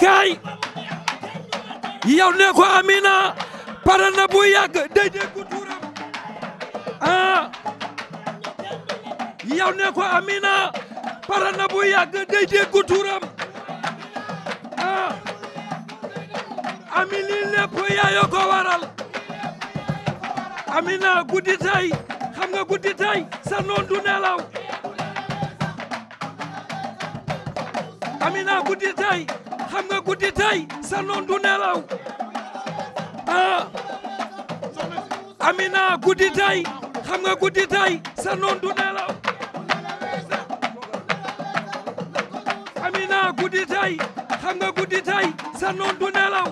kaay yow ne ko Amina pare bu yàgg day déggu tuuram ah yow ne ko Amina pare bu yàgg day déggu tuuram ah ami lii lépp ko waral Amina guddi tey nga guddi sa noon du Amina guddi xam nga guddi tey sa noon du nelaw ah Amina guddi tey xam nga guddi tey sa noon du nelaw Amina guddi tey xam nga guddi tey sa noon du nelaw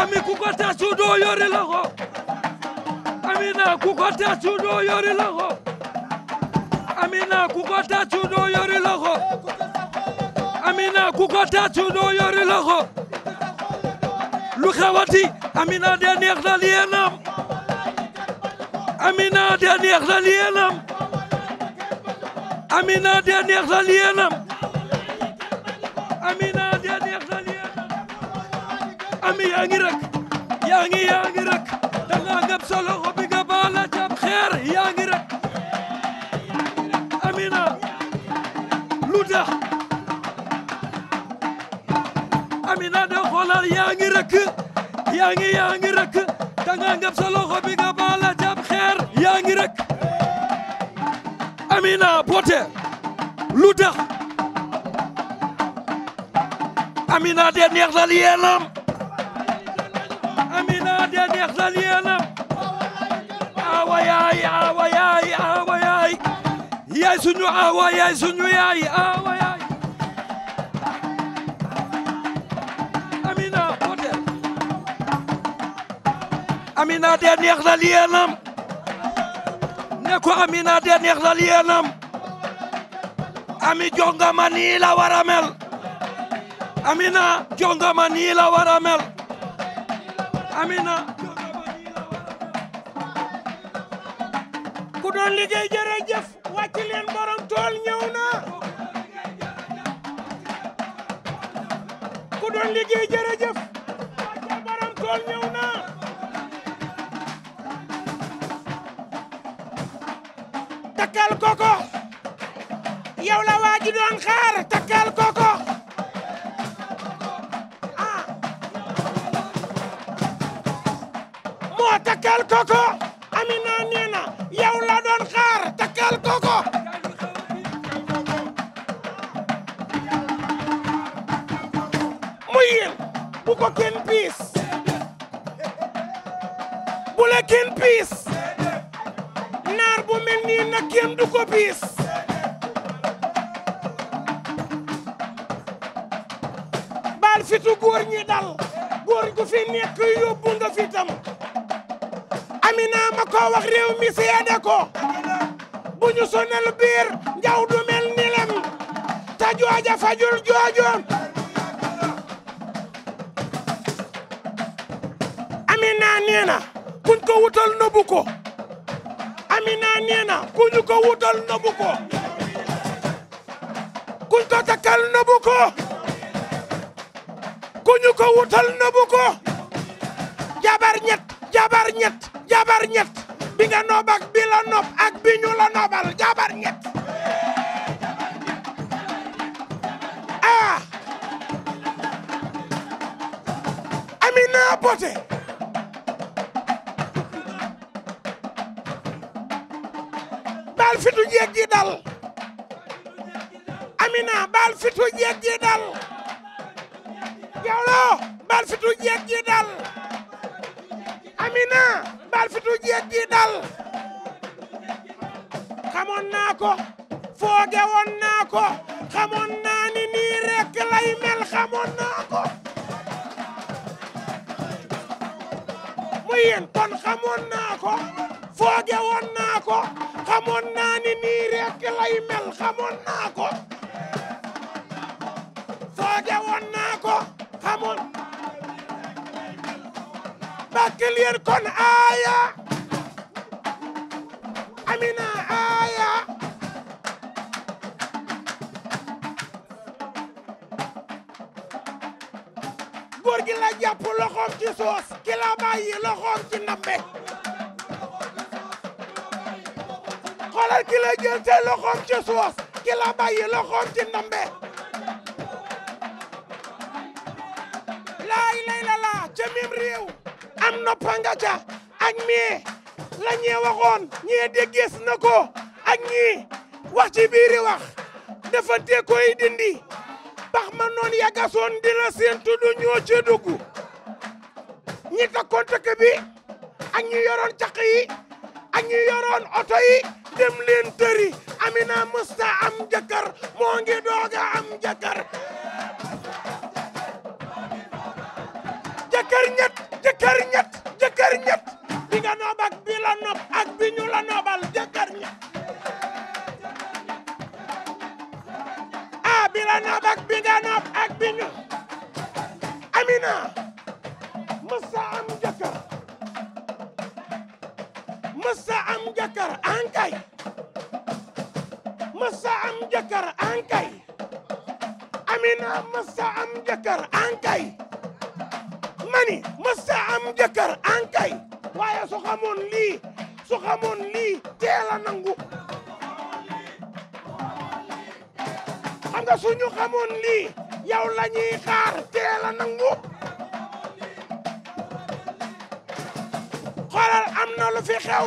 ami ku ko tasu doo yori loxo Amina ku ko tasu doo yori loxo Amina ku ko tasu doo yori loxo ku ko tàccu doo loxo lu xewati amina de neex na liyenam amina de neex na liyenam amina de neex na liyenam amina de neex na liyenam ami yaa ngi rek yaa ngi yaa ngi sa loxo bi nga baala jam xeer yaa rek amina lu tax Amina Daw xoolal yaa ngi rëkk yaa ngi yaa ngi rëkk da nga ngëb bi nga baala jàpp xeer yaa ngi rëkk Amina Poté lu tax Amina de neexal yéenam Amina awa yaay awa yaay awa yaay yaay suñu awa yaay suñu yaay Amina dee neex na liyeenam ne ko Amina dee neex na liyeenam Ami jongama nii la war a mel Amina jongama nii la war a mel Amina ku doon liggéey jërëjëf wàcc leen borom tool ñëw na ku doon liggéey jërëjëf wàcc borom tool ñëw takkal koko yow la waa ji doon xaar takkal koko ah moo takkal koko Amina nee na yow la doon xaar takkal koko muy yéen bu ko kenn piis bu la kenn piis bu mel nii nag du ko biis baal fitu góor ñi dal góor gu fi nekk yóbbu nga fitam Amina ma ko wax réew mi seede ko bu ñu sonal njaw du mel ni lem ta jooja fajul joojo Amina nee na kuñ ko wutal nëbbu Amina na ku ku ñu ko takkal nëbu ku ñu ko wutal nëbu ko jabar ñett bi nga noob bi la ak bi ñu la noobal jabar ñett ah Amina baal fitu jeeg ji dal Amina baal fitu jeeg ji dal Diawlo baal fitu jeeg ji dal Amina baal fitu jeeg ji dal xamoon naa ko fooge woon naa ko xamoon naa ni nii rek lay mel xamoon naa ko muy yéen kon xamoon naa ko fooge woon naa ko xamoon naa ni nii rekk lay xamoon naa ko sooje woon naa ko xamoon bakkil yéen kon aaya amina aaya góor gi la loxoom ci soos ki la bàyyi loxoom ci ndambe xoolal ki la jël te loxoom ci suuf ki la loxoom ci ndambe laay lay la laa réew am noppa nga ca ak mii la ñee waxoon ñee déggees na ko ak ñii wax ci biiri wax defante koy dindi bax ma noon yagasoon dina seen tudd ñoo ca dugg ñi takkoon takk bi ak ñi yoroon caq ak ñi yoroon oto yi dem tëri Amina mësta am jëkkër moo ngi dooga am jëkkër jëkkër ñett jëkkër ñett jëkkër ñett bi nga ak bi la nopp ak bi ñu la ak bi Amina mësta am masa am jëkkër ankay masa am jëkkër ankay amina masa am jëkkër ankay mani masa am jëkkër ankay waaye su xamoon lii su xamoon lii teel nangu xam suñu xamoon lii yow la ñuy nangu am na lu fi xew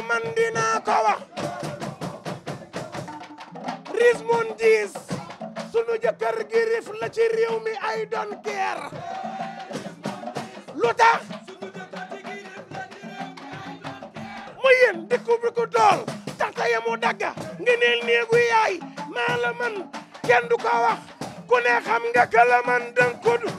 yemu dagga ngeneel néegu yaay maa la man kenn du ko wax ku ne xam nga ka dang ko du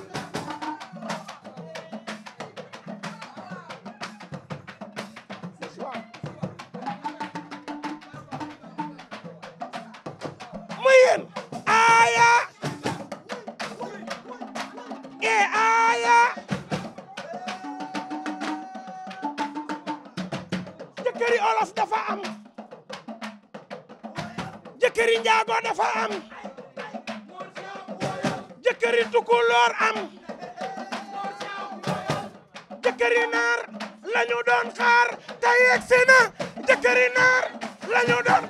doon xaar tey yegsi na jëkkëri naar la ñu doon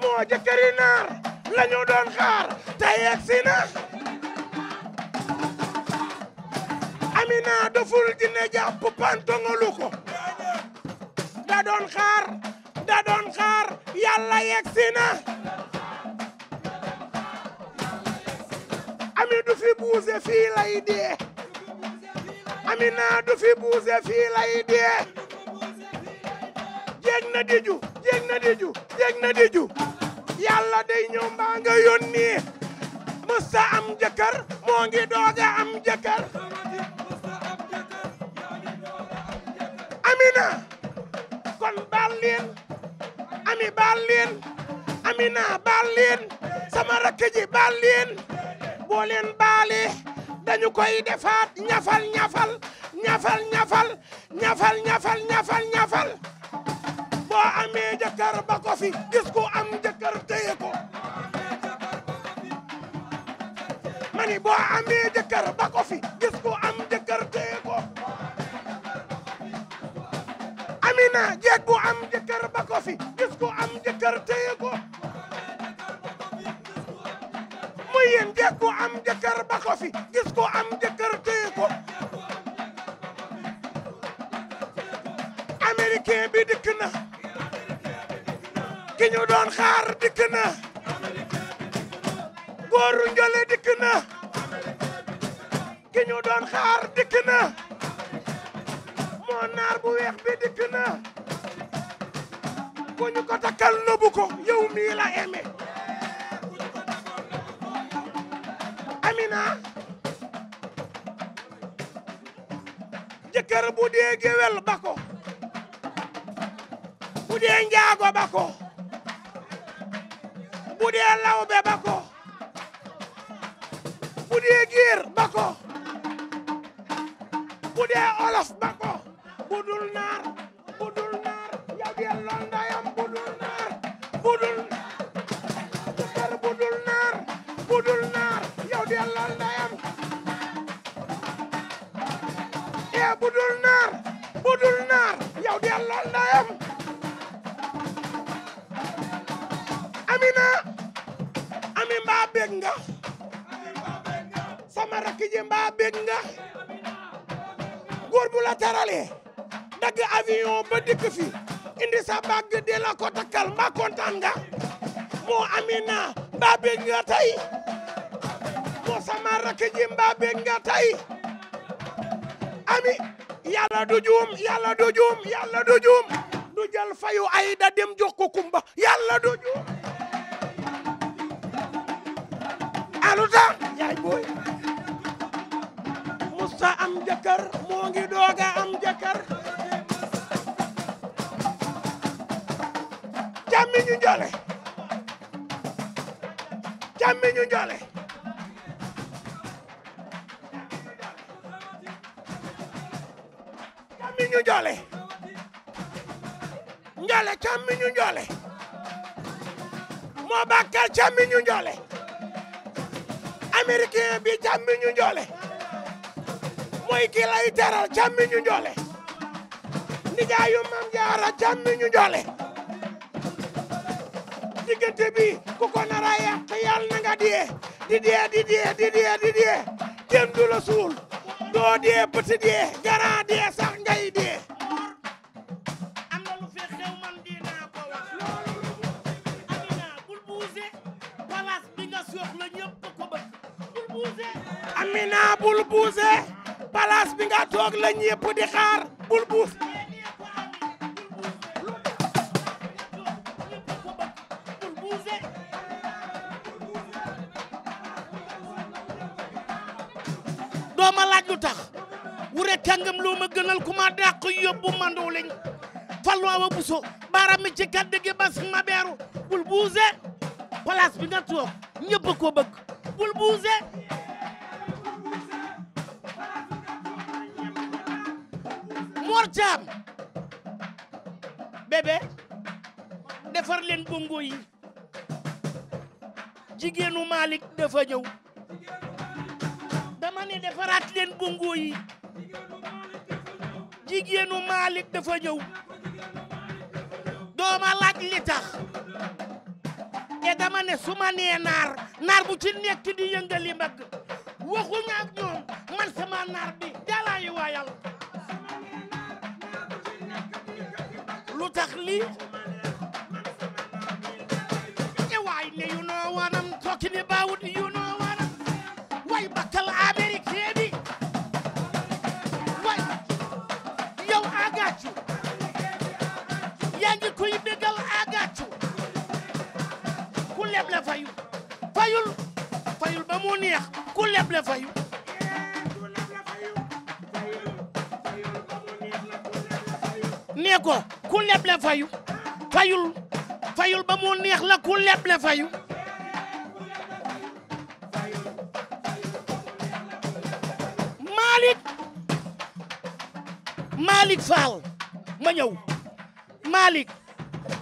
moo jëkkëri naar la ñu doon xaar tey yegsi na Amina doful dina jàpp pantongolu ko da doon xaar da doon xaar yàlla yegsi na ami du fi buuse fii lay dee Amina du fi buuse fii lay dee jeeg na diju jeeg na diju jeeg na diju yàlla day ñëw mbaa nga yónni musta am jëkkër moo ngi dooga am jëkkër Amina kon baal leen ami baal leen Amina baal leen sama rakk ji baal leen boo leen baale dañu koy defaat ñafal ñafal ñafal ñafal ñafal ñafal ñafal ñafal boo amee jëkkër ba ko fi gis ku am jëkkër téye ko amee jëkkër ba ko fi gis ku am am jëkkër ba ko gis ku am jëkkër téye ko mu yéen gis ku am jëkkër ba ko gis ku am jëkkër téye ko américain bi dikk na ki ñu doon xaar dikk na góoru njole dikk na ki ñu doon xaar dikk na moo naar bu weex bi dikk na ku ñu ko takkal nëbu ko yow mii la Amina jëkkër bu dee géwél ba bu dee njaago ba bu dee lawbe ba ko bu dee giir ba bu dee olof ba bu dul naa yàlla ndayam ami mbaa bég nga sama rakk ji mbaa nga góor bu la teralee dagg avion ba dikk fi indi sa bàgg di la ko takkal mbaa kontaan nga moo amina mbaa bég nga tey moo sama rakk ji mbaa nga tey ami yàlla du juum yàlla du juum yàlla du juum du jël fayu ay da dem jox ko kumba yàlla du juum alu tax yaay musa am jëkkër moo ngi dooga am jëkkër càmmi ñu njole càmmi njoole càmmiñu njoole moo bàkkal càmmiñu njoole américain bi càmmiñu njoole mooy kii lay teral càmmiñu njoole nijaayu mam jaara càmmiñu njoole diggante bi ku ko nar a yàq yàlla na nga di dee di di dee di dee kenn du la suul doo dee petit dee grand dee sax toog la ñëpp di xaar bul buus doo wure kàngam loo gënal ku ma yóbbu mandu liñ falluwaa wa buso baaraam mi ci kàddu gi bas ma beeru bul buuse place bi nga toog ñëpp ko bëgg bul buuse góor bébé defar leen bongo yi jigéenu Malick dafa ñëw dama li tax te dama ne su ma naar naar bu ci yëngali mbagg waxuñu ak ñoom man sama naar bi jalaayu waayal tax lii e waay ne you know what I'm talking about you bakkal Amérique bi waay yow agaacu yaa ngi koy bégal ku leble fayu fayul ba mu neex ku leble fayu ne ko ku leble fayu fayul fayul ba mu neex la ku leble fayu Malick Malick Fall ma ñëw Malick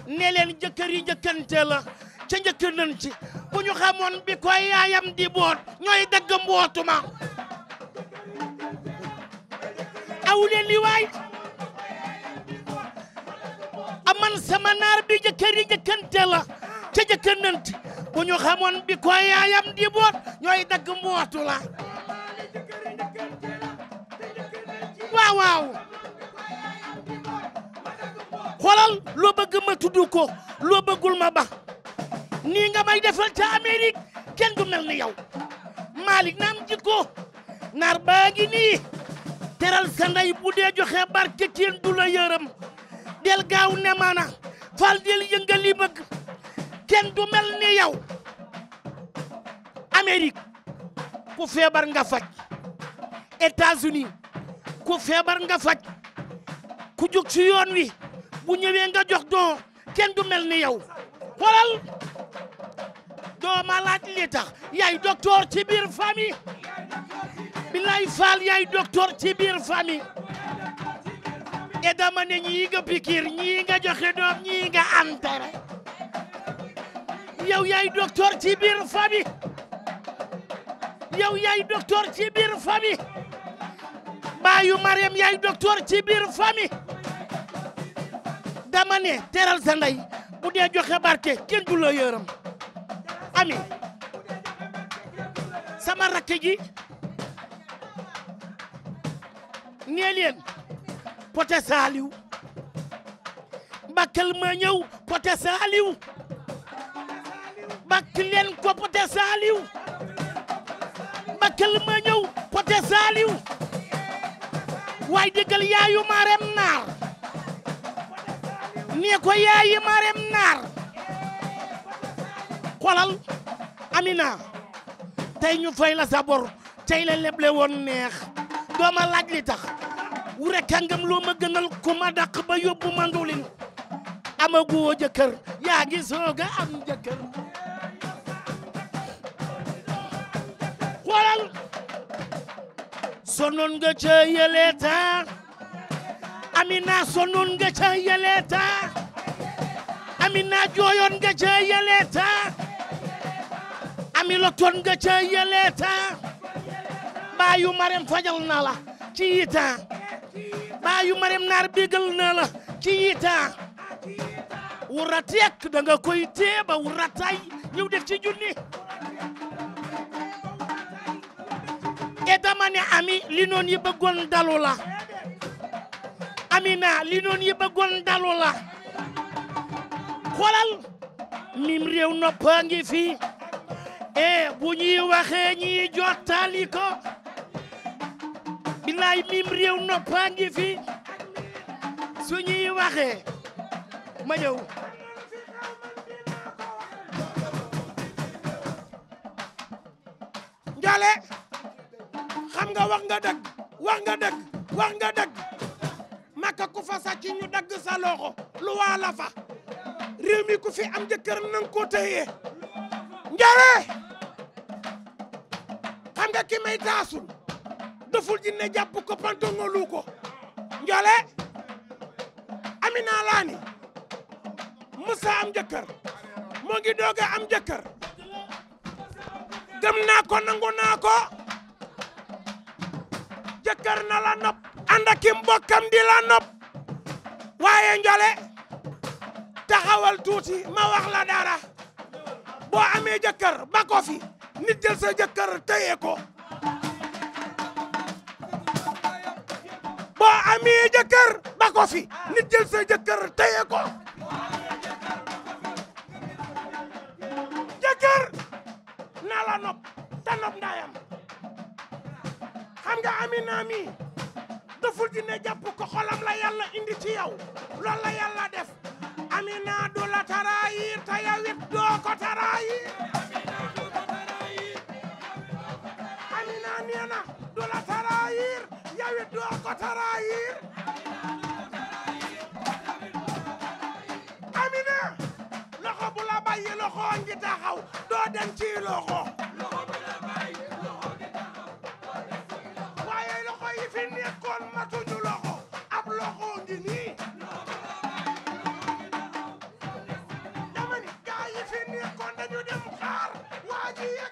ne leen ca njëkkënan ci bu ñu xamoon bi ko yaayam di boot ñooy dagg mbootuma aw leen li waay man sama naar bi jëkkër yi ca jëkkënant bu xamoon bi ko yaayam di boot ñooy dagg mootu waaw waaw xoolal loo bëgg ma tudd ba nii nga may defal ca Amérique kenn du mel ni yow Malick naam jikko naar baa ngi nii teral sa ndey bu dee joxe barke kenn du yërëm del gaaw ne maana fal del yëngal kenn du mel ni Amérique ku feebar nga faj États-Unis ku feebar nga faj ku jóg ci yoon wi bu ñëwee nga jox don kenn du mel ni yow xoolal doo ma laaj yaay docteur ci biir famille bilaay faal yaay docteur ci biir famille de dama ne ñii nga pikir ñii nga joxe doom ñii nga enterré yow yaay docteur ci biir famille yow yaay docteur ci biir famille baayu Mariam yaay docteur ci biir famille dama ne teral sa ndey bu dee joxe barke kenn du ami sama rakk ji nee leen poté saaliw bakkal ma ñëw poté saaliw bakk leen ko poté saaliw bakkal ma ñëw poté saaliw waaye naar nee ko yaayi marem naar xolal Amina tey ñu fay la sa bor tey la leble woon neex dooma laaj li tax wure kàngam loo ma gënal ku ma dàq ba yóbbu mandulin amaguwoo jëkkër yaa ngi sooga am jëkkër xoolal sonoon nga ca amina sonoon nga ca amina jooyoon nga ca yeleeta ami lotoon nga ca yeleeta baayu fajal na la ci baayu Mareem Naar bégal na la ci yitaa wurateek da nga koy teeba wuratay ñëw def ci junni e dama ne ami li noon yi bëggoon dalu la amina li noon yi bëggoon dalu la xoolal mim réew noppa ngi fi e bu ñuy waxee ñi jottali ko bilaay mim réew noppaa ngi fi su ñuy waxee ma ñëw xam nga wax nga dëgg wax nga dëgg wax nga dëgg maka ku fa sàcc dagg sa lu waa fa réew mi ku fi am jëkkër nang ko téye njaale xam nga ki may taasul doful jinne jàpp ko pantongolu ko njole Amina Laani musa am jëkkër moo ngi dooga am jëkkër gëm naa ko nangu naa ko jëkkër na la nopp ànd ak mbokkam di la nopp waaye njole taxawal tuuti ma wax la dara boo amee jëkkër ba ko fi sa jëkkër téye ko boo amee jëkkër ba nit jël jëkkër téye ko jëkkër na la nopp te nopp ndayam xam nga Amina mi doful dina jàpp ko xolam la yàlla indi ci yow loolu la yàlla def Amina du la taraayir te yow it doo yàlla du la taraayir yow it doo ko taraayir amina loxo bu la bàyyi loxo ngi taxaw doo dem ci loxo waaye loxo yi fi nekkoon matuñu loxo ab loxo ngi nii dama ni gaa yi fi nekkoon dañu dem xaar waa ji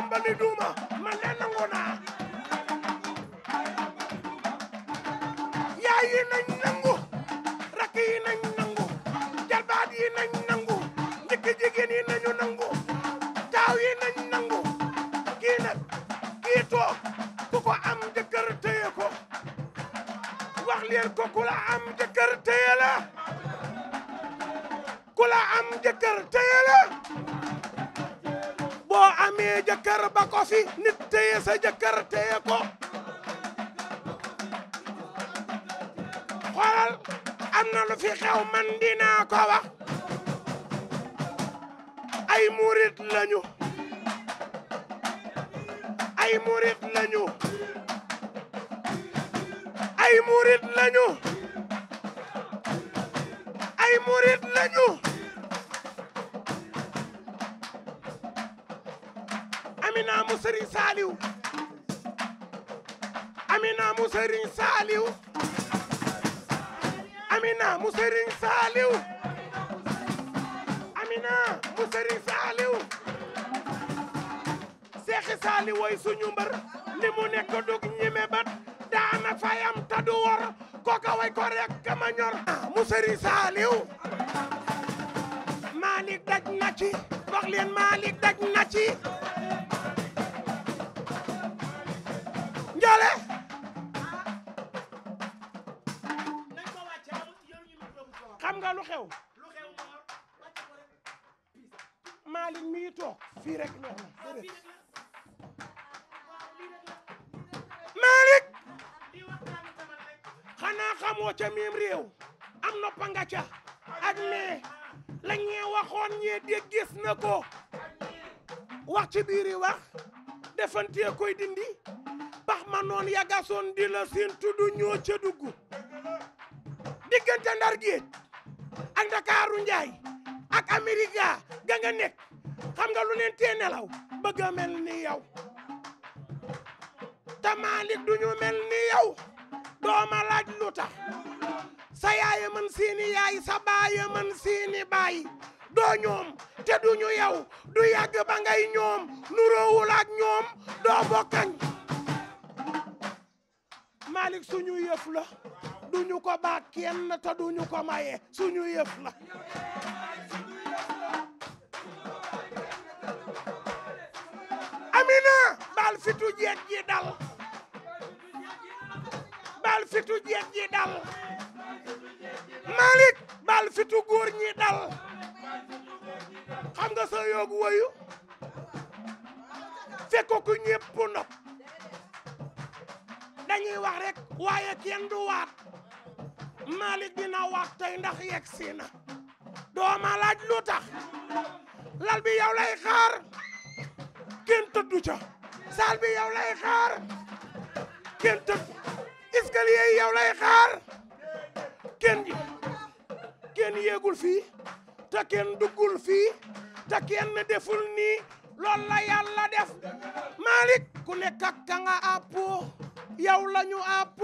Ambali Duuma man nangu naa yaay nañ nangu rakk nañ nangu jalbaat yi nañ nangu njëkk jigéen nañu nangu taaw nañ nangu kii nag kii toog ku ko am jëkkër ko wax leen ko la am jëkkër la ku la am jëkkër la boo amee jëkkër ba ko fi nit téye sa jëkkër téye ko xoolal am na lu fi xew man dinaa ko wax ay murit lañu ay murit lañu ay murit lañu ay murit lañu Serigne Saliou Amina mu Serigne Saliou Amina mu Serigne Saliou Amina mu Serigne Saliou Seexi Saliou suñu mbër li mu nekk dug ñime bat daana fayam tadu wor kooka way ko rek kama ñor mu Serigne Saliou Malick daj na ci wax leen Malick daj Njaale. xam nga lu xew. Malick mii toog fii rek neex na Malick xanaa xamoo ca miim réew am noppa nga ca ak nee la waxoon ñee dégg gis na ko wax ci biiri wax defantee koy dindi ma noon yagasoon di la seen tudd ñoo ca dugg diggante ndar géej ak ndakaaru ak amerika ga nga nekk xam nga lu leen tee nelaw a du ñu mel ni yow dooma laaj lu tax doo ñoom te du ñu du yàgg ba ñoom nu ñoom doo bokkañ Malick suñu yëf duñu ko ba kenn te duñu ko maye suñu yëf Amina bal fitu jeeg ji dal bal fitu jeeg ji dal dal xam nga sa yoogu wayu fekk ko ñépp nopp dañuy wax rek waaye kenn du waat Malick dina waat tey ndax yegg si na lu tax lal bi yow lay xaar kenn tëddu ca saal bi yow lay xaar kenn tëddu escalier yi lay xaar kenn kenn yéegul fii te kenn duggul fii te kenn deful nii loolu la yàlla def Malick ku nekk ak ka yow la ñu àpp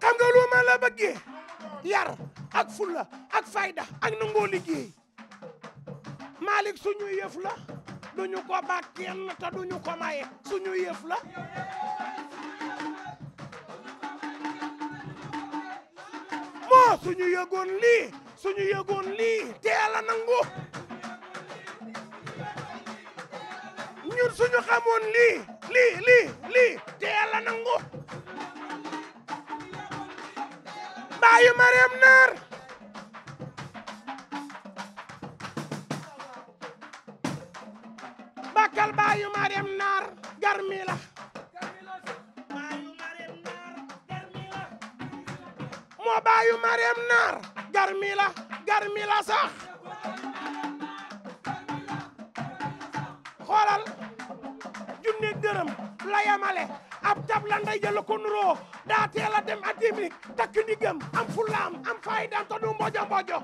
xam la bëggee yar ak fulla ak fayda ak nangoo liggéey Malick suñu yëf la duñu ko ba kenn duñu ko maye suñu yëf la moo suñu yëgoon lii suñu yëgoon lii teel a nangu ñun suñu xamoon lii lii lii lii te yàlla nangu baayu Mariam Naar bakkal baayu Mariam Naar garmi moo baayu Mariam Naar garmi la sax xoolal junne dërëm la yamale ab tab la nday jël ko nuroo daa teel a dem atimik takk ndigam am fulaam am faydam te du mbojo mbojo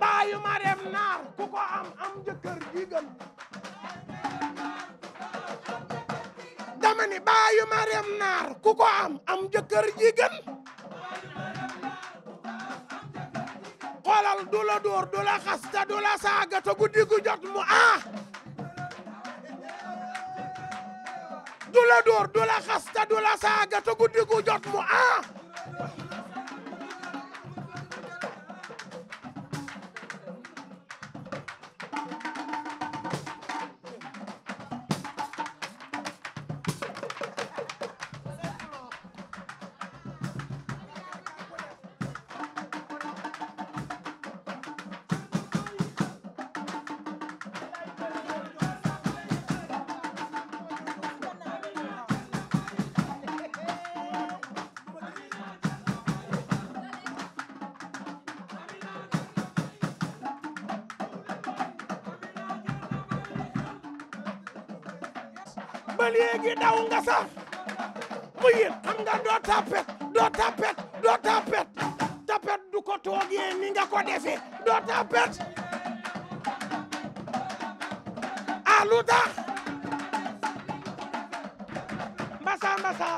baayu ma dem naar ku ko am am jëkkër ji gën dama ni baayu ma dem naar ku ko am am jëkkër ji gën xoolal du la dóor du la xas te du la saaga te guddi gu jot mu ah du la dóor du la xas te du la saaga te guddi gu jot mu ah Saar mu xam nga doo tapet doo tapet doo tapet tapet du ko toogee ni nga ko defee doo tapet a ah, lu tax mbasa mbasa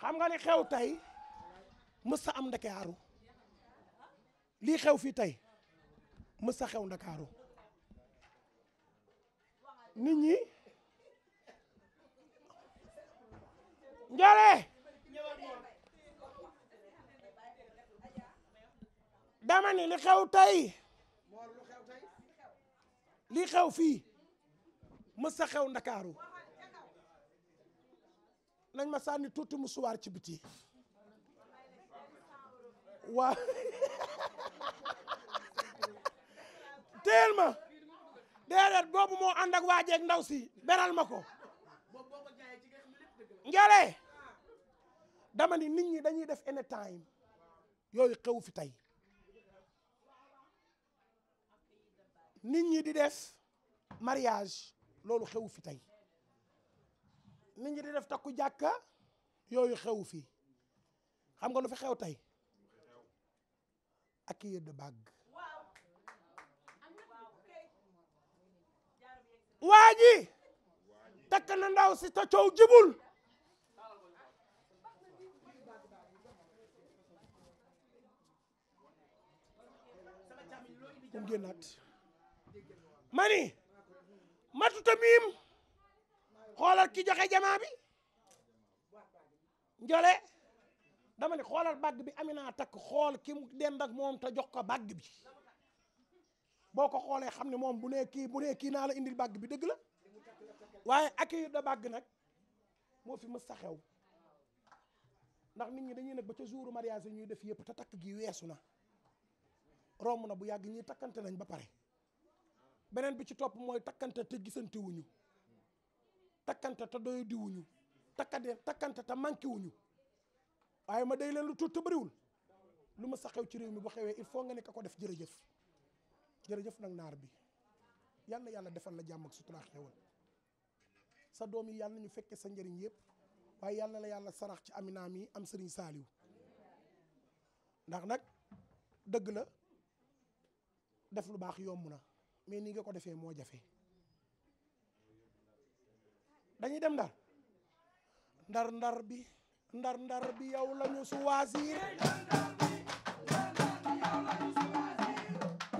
xam nga li xew tey mësa am ndakaaru lii xew fii tey mësa xew ndakaaru nit ni li xew tey li xew fii mës a ndakaaru nañ ma sànni tuuti musuwaar ci biti waa téel ma déedéet boobu moo ànd ak ndaw si beral ma ko ngele dama ni nit ñi dañuy def any time yooyu xew fi tey nit ñi di def mariage loolu xewu fi tey nit ñi di def takku jàkka yooyu xewu fi xam nga lu fi xew tey ak de bague waa ji takk na ndaw si te coow jibul um génnaat mani matuta miim xoolal ki joxe jamaa bi njole dama ne xoolal bàgg bi ami naa takk xool ki mu dend moom te jox ko bàgg bi boo ko xoolee xam ne moom bu nee kii bu nee kii naa la indil bàgg bi dëgg la waaye accueil de bagg nag moo fi mës sa ndax nit ñi dañuy nag ba ca jouru mariage ñuy def yëpp te takk gi weesu na romb na bu yàgg ñuy takkante nañ ba pare beneen bi ci topp mooy takkante te gisante wuñu takkante te doyadi wuñu takkade takkante te manqué wuñu waaye ma day leen lu tuut te lu ma sa xew ci réew mi bu xewee il faut nga ne ko def jërëjëf jërëjëf nag naar bi yàlla yàlla defal la jàmm ak sutura xewal sa doom yi yal na ñu fekkee sa njëriñ yëpp waaye yàlla na la yàlla sarax ci amina mi am sëriñ saaliw ndax nag dëgg la def lu baax yomb na mais ni nga ko defee moo jafe dañuy dem ndar ndar ndar bi ndar ndar bi yow lañu choisir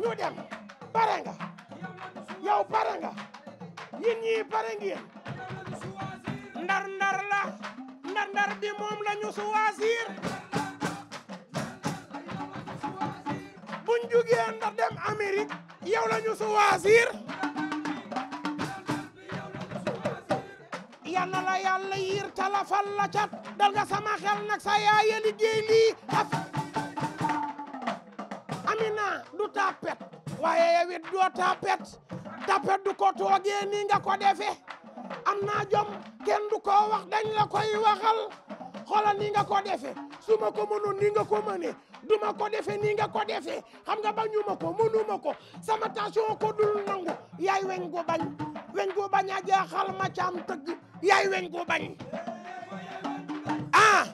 ñu dem pare nga yow pare nga yéen ndar ndar la ndar ndar bi moom lañu choisir buñ jugee ndar dem Amérique yow la ñu choisir yal la yàlla yiir talafal la cat dal sama xel nag sa yaaya liggéey lii amina du tapet waaye yow it doo tapet tapet du ko toogee nii nga ko defe am naa jom kenn du ko wax dañ la koy waxal xoolal nii nga ko defe su ma ko mënoon nii nga duma ko defee nii nga ko defee xam nga bañuma ko mënuma ko sama tension ko dul nangu yaay weñ gu bañ weñ gu bañ a jaaxal ma caam tëgg yaay weñ gu bañ ah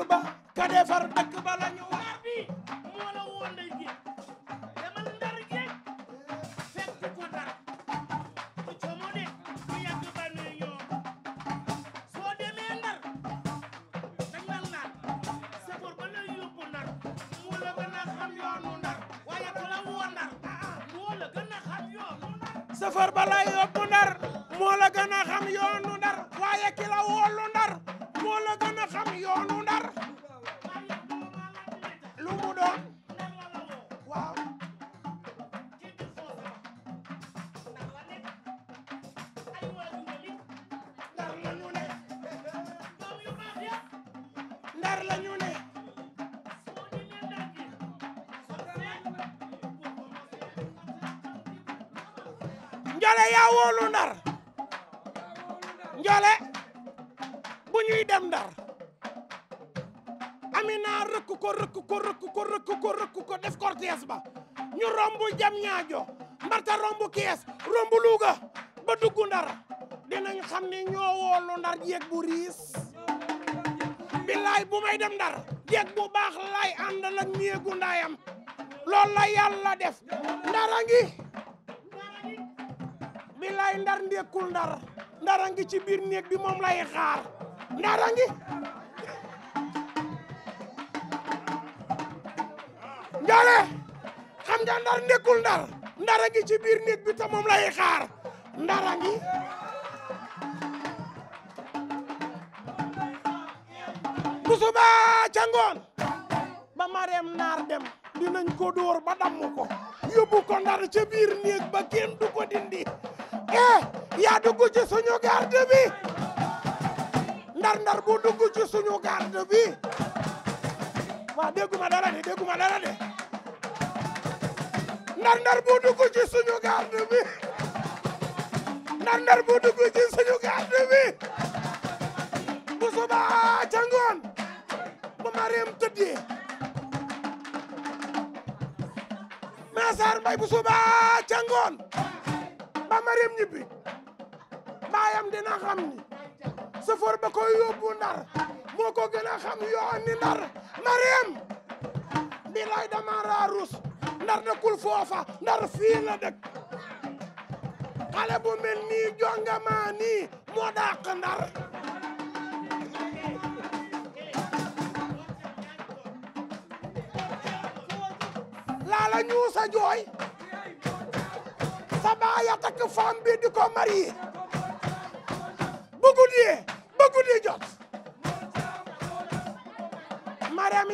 dëkk ba ka defar ba lañu doole bu ñuy dem ndar Amina rëkk ko rëkk ko rëkk ko rëkk ko rëkk ko def cortège ba ñu romb jam ñaajo mbarta romb kees romb Louga ba dugg ndar dinañ xam ne ñoo woolu ndar jeeg bu riis billaay bu may dem ndar jeeg bu baax lay àndal ak néegu ndaayam loolu la yàlla def ndara ngi billaay ndar ndékkul ndar ndara ngi ci biir bi moom lay xaar ndara ngi ndare xam nga ndar nekkul ndar ndara ngi ci biir bi te moom lay xaar ndara ngi bu suba ca ba mareem naar dem dinañ ko dóor ba damm ko yóbbu ko ndar ca biir ba kenn du ko dindi eh yaa dugg ci suñu garde bi ndar-ndar bu dugg ci suñu garde bi waa dégguma dara de dégguma dara de ndar-ndar bu dugg ci suñu garde bi ndar-ndar bu dugg ci suñu garde bi bu subaa ca ngoon bu Mariam tëddee Massar Mbaye bu subaa ca ngoon ba Mariam ñibbi baayam dina xam ni sëfoor ba koy yóbbu ndar moo ko gën a xam yoon ni ndar Marème bilaay dama raarus ndar dëkkul foofa ndar fii la dëkk xale nii jongama nii moo dàq ndar laala ñuu jooy sa baaya takk femme bi ko marié guddee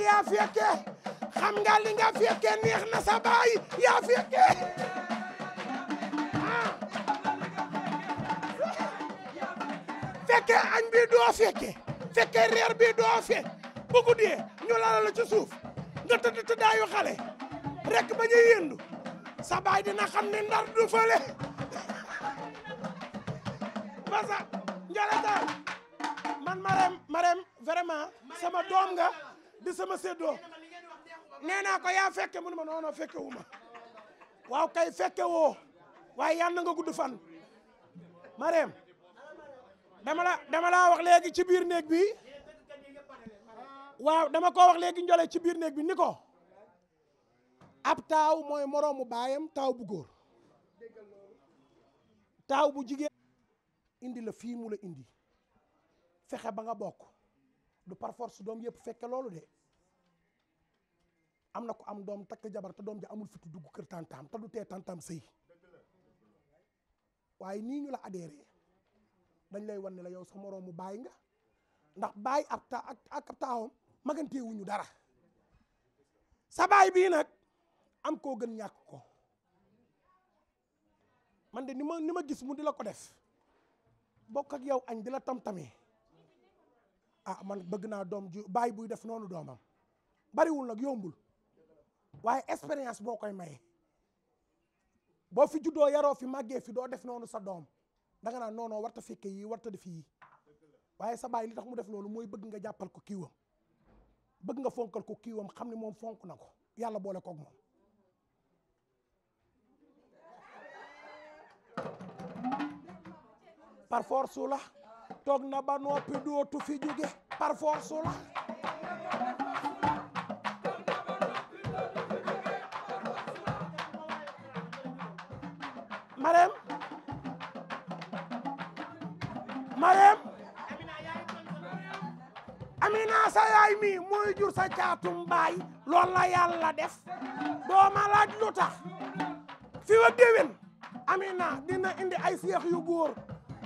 yaa fekke xam nga li nga fekke neex na sa yaa fekke ah. fekke añ bi doo fekke fekke reer bi doo fe bu guddee ñu lala la ci suuf xale rek bañ a yëndu sa baay dina xam ne ndar du basa Ndiolata man Marème Marème vraiment sama doom nga di sama séddoo nee naa ko yaa fekke mu ne ma fekke wu waaw kay fekke woo waaye yàlla na nga gudd fan Marème dama la dama laa wax léegi ci biir néeg bi waaw dama ko wax léegi njole ci biir néeg bi ni ko ab taaw mooy moroomu baayam taaw bu góor taaw bu jigéen indi la fii mu la indi fexe ba nga bokk du par doom yëpp fekke loolu de am na ko am doom takk jabar te doom ja amul fitu dugg kër tantaam te du tee tantaam sëy waaye nii ñu la adhéré dañ lay wan la yow sa moroomu baay nga ndax baay ab ta ak ak ab taawam maganteewuñu dara sa baay bii nag am koo gën ñàkk ko man de ni ma ni ma gis mu di la ko def bokk ak yow añ di tam-tamee ah man bëgg naa doom ju baay buy def noonu doomam bariwul nag yombul waaye expérience boo koy maye boo fi juddoo yaroo fi màggee fi doo def noonu sa doom danga naa noonoo warta fekke yii warta def yii waaye sa bàyyi li tax mu def loolu mooy bëgg nga jàppal ko kiiwam bëgg nga fonkal ko kiiwam xam ne moom fonk na ko yàlla boole koog moom par force su la toog na ba noppi dootu fi jóge par force su la Amina sa yaay mi mooy jur sa caatum baay loolu la def doo ma laaj fi wa déwén Amina dina indi ay seex yu góor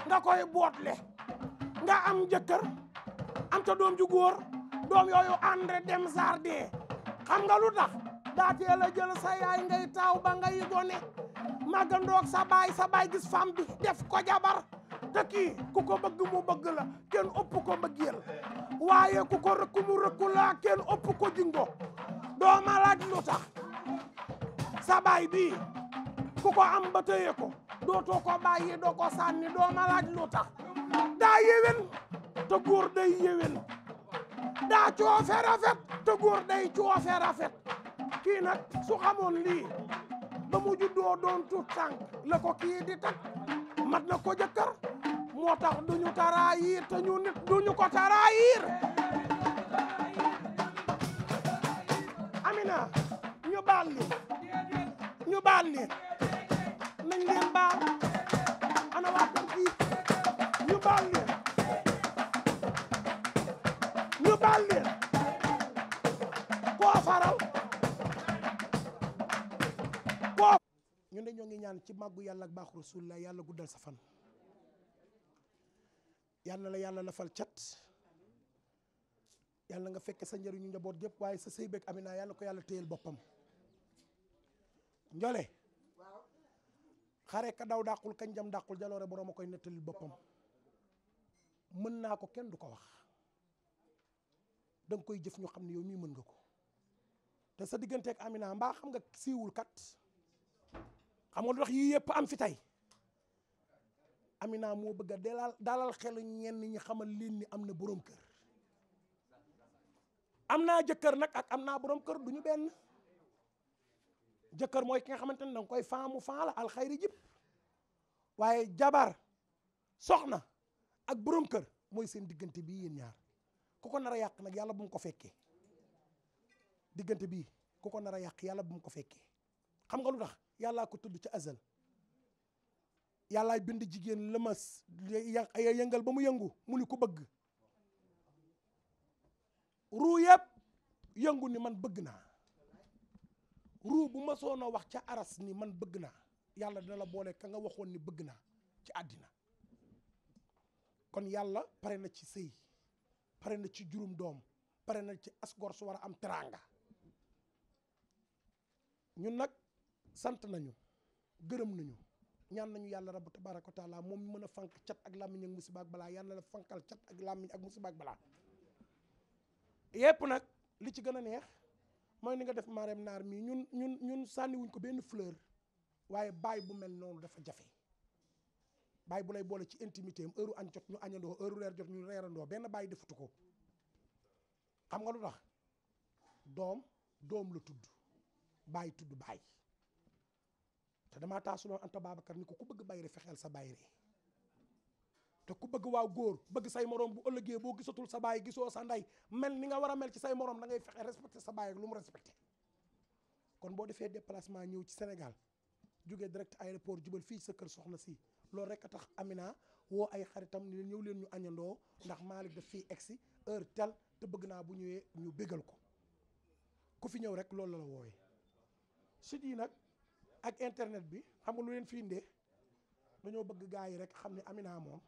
nga koy bootle nga am jëkkër am ca doom ju góor doom yooyu andre dem jardin xam nga lu tax a jël sa yaay ngay taaw ba ngay gone màggandoog sa baay gis femme bi def ko jabar te ku ko bëgg mu kenn ëpp ko mbëggeel waaye ku ko rëkku mu kenn ëpp ko jingo dooma laaj lu tax sa bii ku ko am ba ko dootoo ko bàyyi doo ko sànni doo ma laaj lu tax daa yéwén te góor day yéwén daa coofe rafet te góor day coofe rafet kii nag su xamoon lii ba mu juddoo doon tut tànk la ko kii di tag mat na ko jëkkër moo tax duñu taraayiir te ñu nit duñu ko taraayiir amina ñu baal li ñu baal li nañ leen baal ana waa parti ñu baal leen ñu baal leen koo faral koo ñun de ñoo ngi ñaan ci màggu yàlla ak baaxu rasul la yàlla guddal sa fan yàlla la yàlla lafal cat yàlla nga fekke sa njëriñu njaboot gépp waaye sa sëy beeg Amina yàlla ko yàlla téyel boppam njole xare ka daw dàqul kañ jam dàqul jaloore boroom a koy nettalil boppam mën naa ko kenn du ko wax da koy jëf ñu xam ne yow mii mën nga ko te sa digganteeg Amina mbaa xam nga siiwul kat xam nga lu tax yëpp am fi tey Amina moo bëgg a dalal dalal xelu ñenn ñi xamal leen ni am na boroom kër am naa jëkkër nag ak am naa boroom kër du ñu benn. jëkkër mooy ki nga xamante ne danga koy faa mu faa la jib waaye jabar soxna ak borom kër mooy seen diggante bii yéen ñaar ku ko nar a yàq nag yàlla bu ko fekkee diggante bi ku ko nar a yàq yàlla bu ko fekkee xam nga lu tax yàllaa ko tudd ci azal yàllaay bind jigéen lëmas yëngal ba mu yëngu mu ni ku bëgg ruu yëpp yëngu ni man bëgg naa ruu bu ma soon wax ca aras ni man bëgg naa yàlla dina la boole ka nga waxoon ni bëgg naa ci àddina kon yàlla pare na ci sëy pare na ci juróom doom pare na ci asgor su war a am teraanga ñun nag sant nañu gërëm nañu ñaan nañu yàlla rabu tabaraka wa taala moom mën a fank cat ak làmmiñ ak musiba balaa yàlla la fankal cat ak làmmiñ ak musiba ak balaa yépp nag li ci gën a neex mooy ni nga def Marème Naar mii ñun ñun ñun sànniwuñ ko benn fleur waaye bàyyi bu mel noonu dafa jafe bàyyi bu lay boole ci intimité am añ jot ñu añandoo heure reer jot ñu reerandoo benn baay defutu ko xam nga lu tax doom doom la tudd bàyyi tudd baay te damaa taasuloo Anta Babacar ni ko ku bëgg bayre fexeel sa bayre te ku bëgg waaw góor bëgg say morom bu ëllëgee boo gisatul sa baay gisoo sa ndey mel ni nga war a mel ci say morom da ngay fexe respecté sa baay ak lu mu respecté kon boo defee déplacement ñëw ci Sénégal jóge direct aéroport jubal fii sa kër soxna si loolu rek a tax Amina woo ay xaritam ni ñëw leen ñu añandoo ndax Malick daf fii si heure tel te bëgg naa bu ñëwee ñu béggal ko ku fi ñëw rek loolu la la wooyee site yi nag ak internet bi xam nga lu leen fi dañoo bëgg gaa yi rek xam ne Amina moom.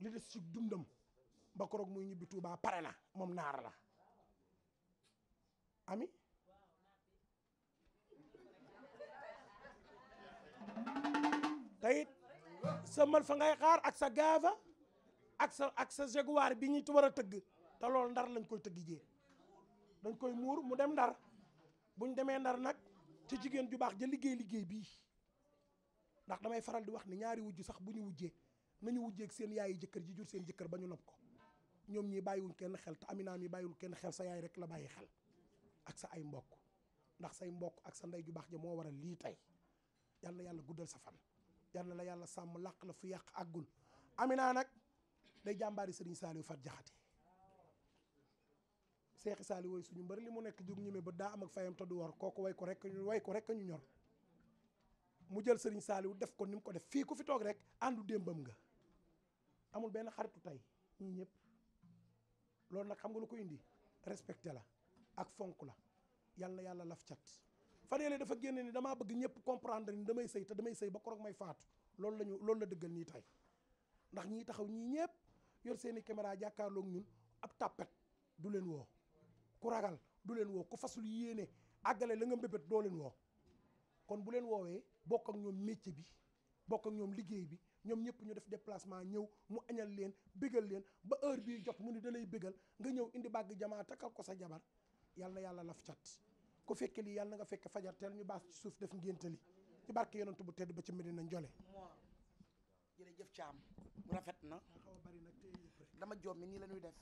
li des ci dundam ba koroog muy ñibbi Touba pare na moom naar la ami tayit sa mal fa ngay xaar ak sa gaava ak sa ak sa jaguar bi ñu war a tëgg te loolu ndar lañ koy tëgg jee dañ koy muur mu dem ndar buñ demee ndar nag ci jigéen ju baax ja liggéey liggéey bi ndax damay faral di wax ni ñaari wujj sax bu ñu wujjee nañu wujjeeg seen yi jëkkër ji jur seen jëkkër ba ñu nopp ko ñoom ñii bàyyiwul kenn xel te Amina mi bàyyiwul kenn xel sa yaay rek la bàyyi xel ak sa ay mbokk ndax say mbokk ak sa ndey ju baax ja moo waral lii tey yal na yàlla guddal sa fan yal na la yàlla sàmm làq la fu yàq àggul Amina nag day jàmbaari Serigne Saliou Fat Jaxate seexi Saliou woy suñu mbër li mu nekk jug ñime ba daa am ak fayam te du war kooku way ko rek ñu ko rek ñu ñor mu jël Serigne Saliou def ko ni mu ko def fii ku fi toog rek àndu démbam nga amul benn xaritu tey ñii ñëpp loolu nag xam nga lu ko indi respecté la ak fonk la yàlla yàlla laf cat fan yële dafa génne ni damaa bëgg ñëpp comprendre ni damay sëy te damay sëy ba koroog may faatu loolu lañu loolu la dëggal nii tay ndax ñii taxaw ñii ñëpp yor seeni caméra jàkkaarlook ñun ab tàppet du leen woo ku ragal du leen woo ku fasul yéene àggale la nga mbébét doo leen woo kon bu leen woowee bokk ak ñoom métier bi bokk ak ñoom liggéey bi ñoom ñëpp ñu def déplacement ñëw mu añal leen bégal leen ba heure bii jot mu ni da lay bégal nga ñëw indi bàgg jamaa takkal ko sa jabar yàlla na yàlla laf cat ku fekkee lii yàlla na nga fekke fajar teel ñu baax ci suuf def ngénte li ci barke yonent bu tedd ba ci Medina Njole jërëjëf Thiam rafet na dama joom mi nii la def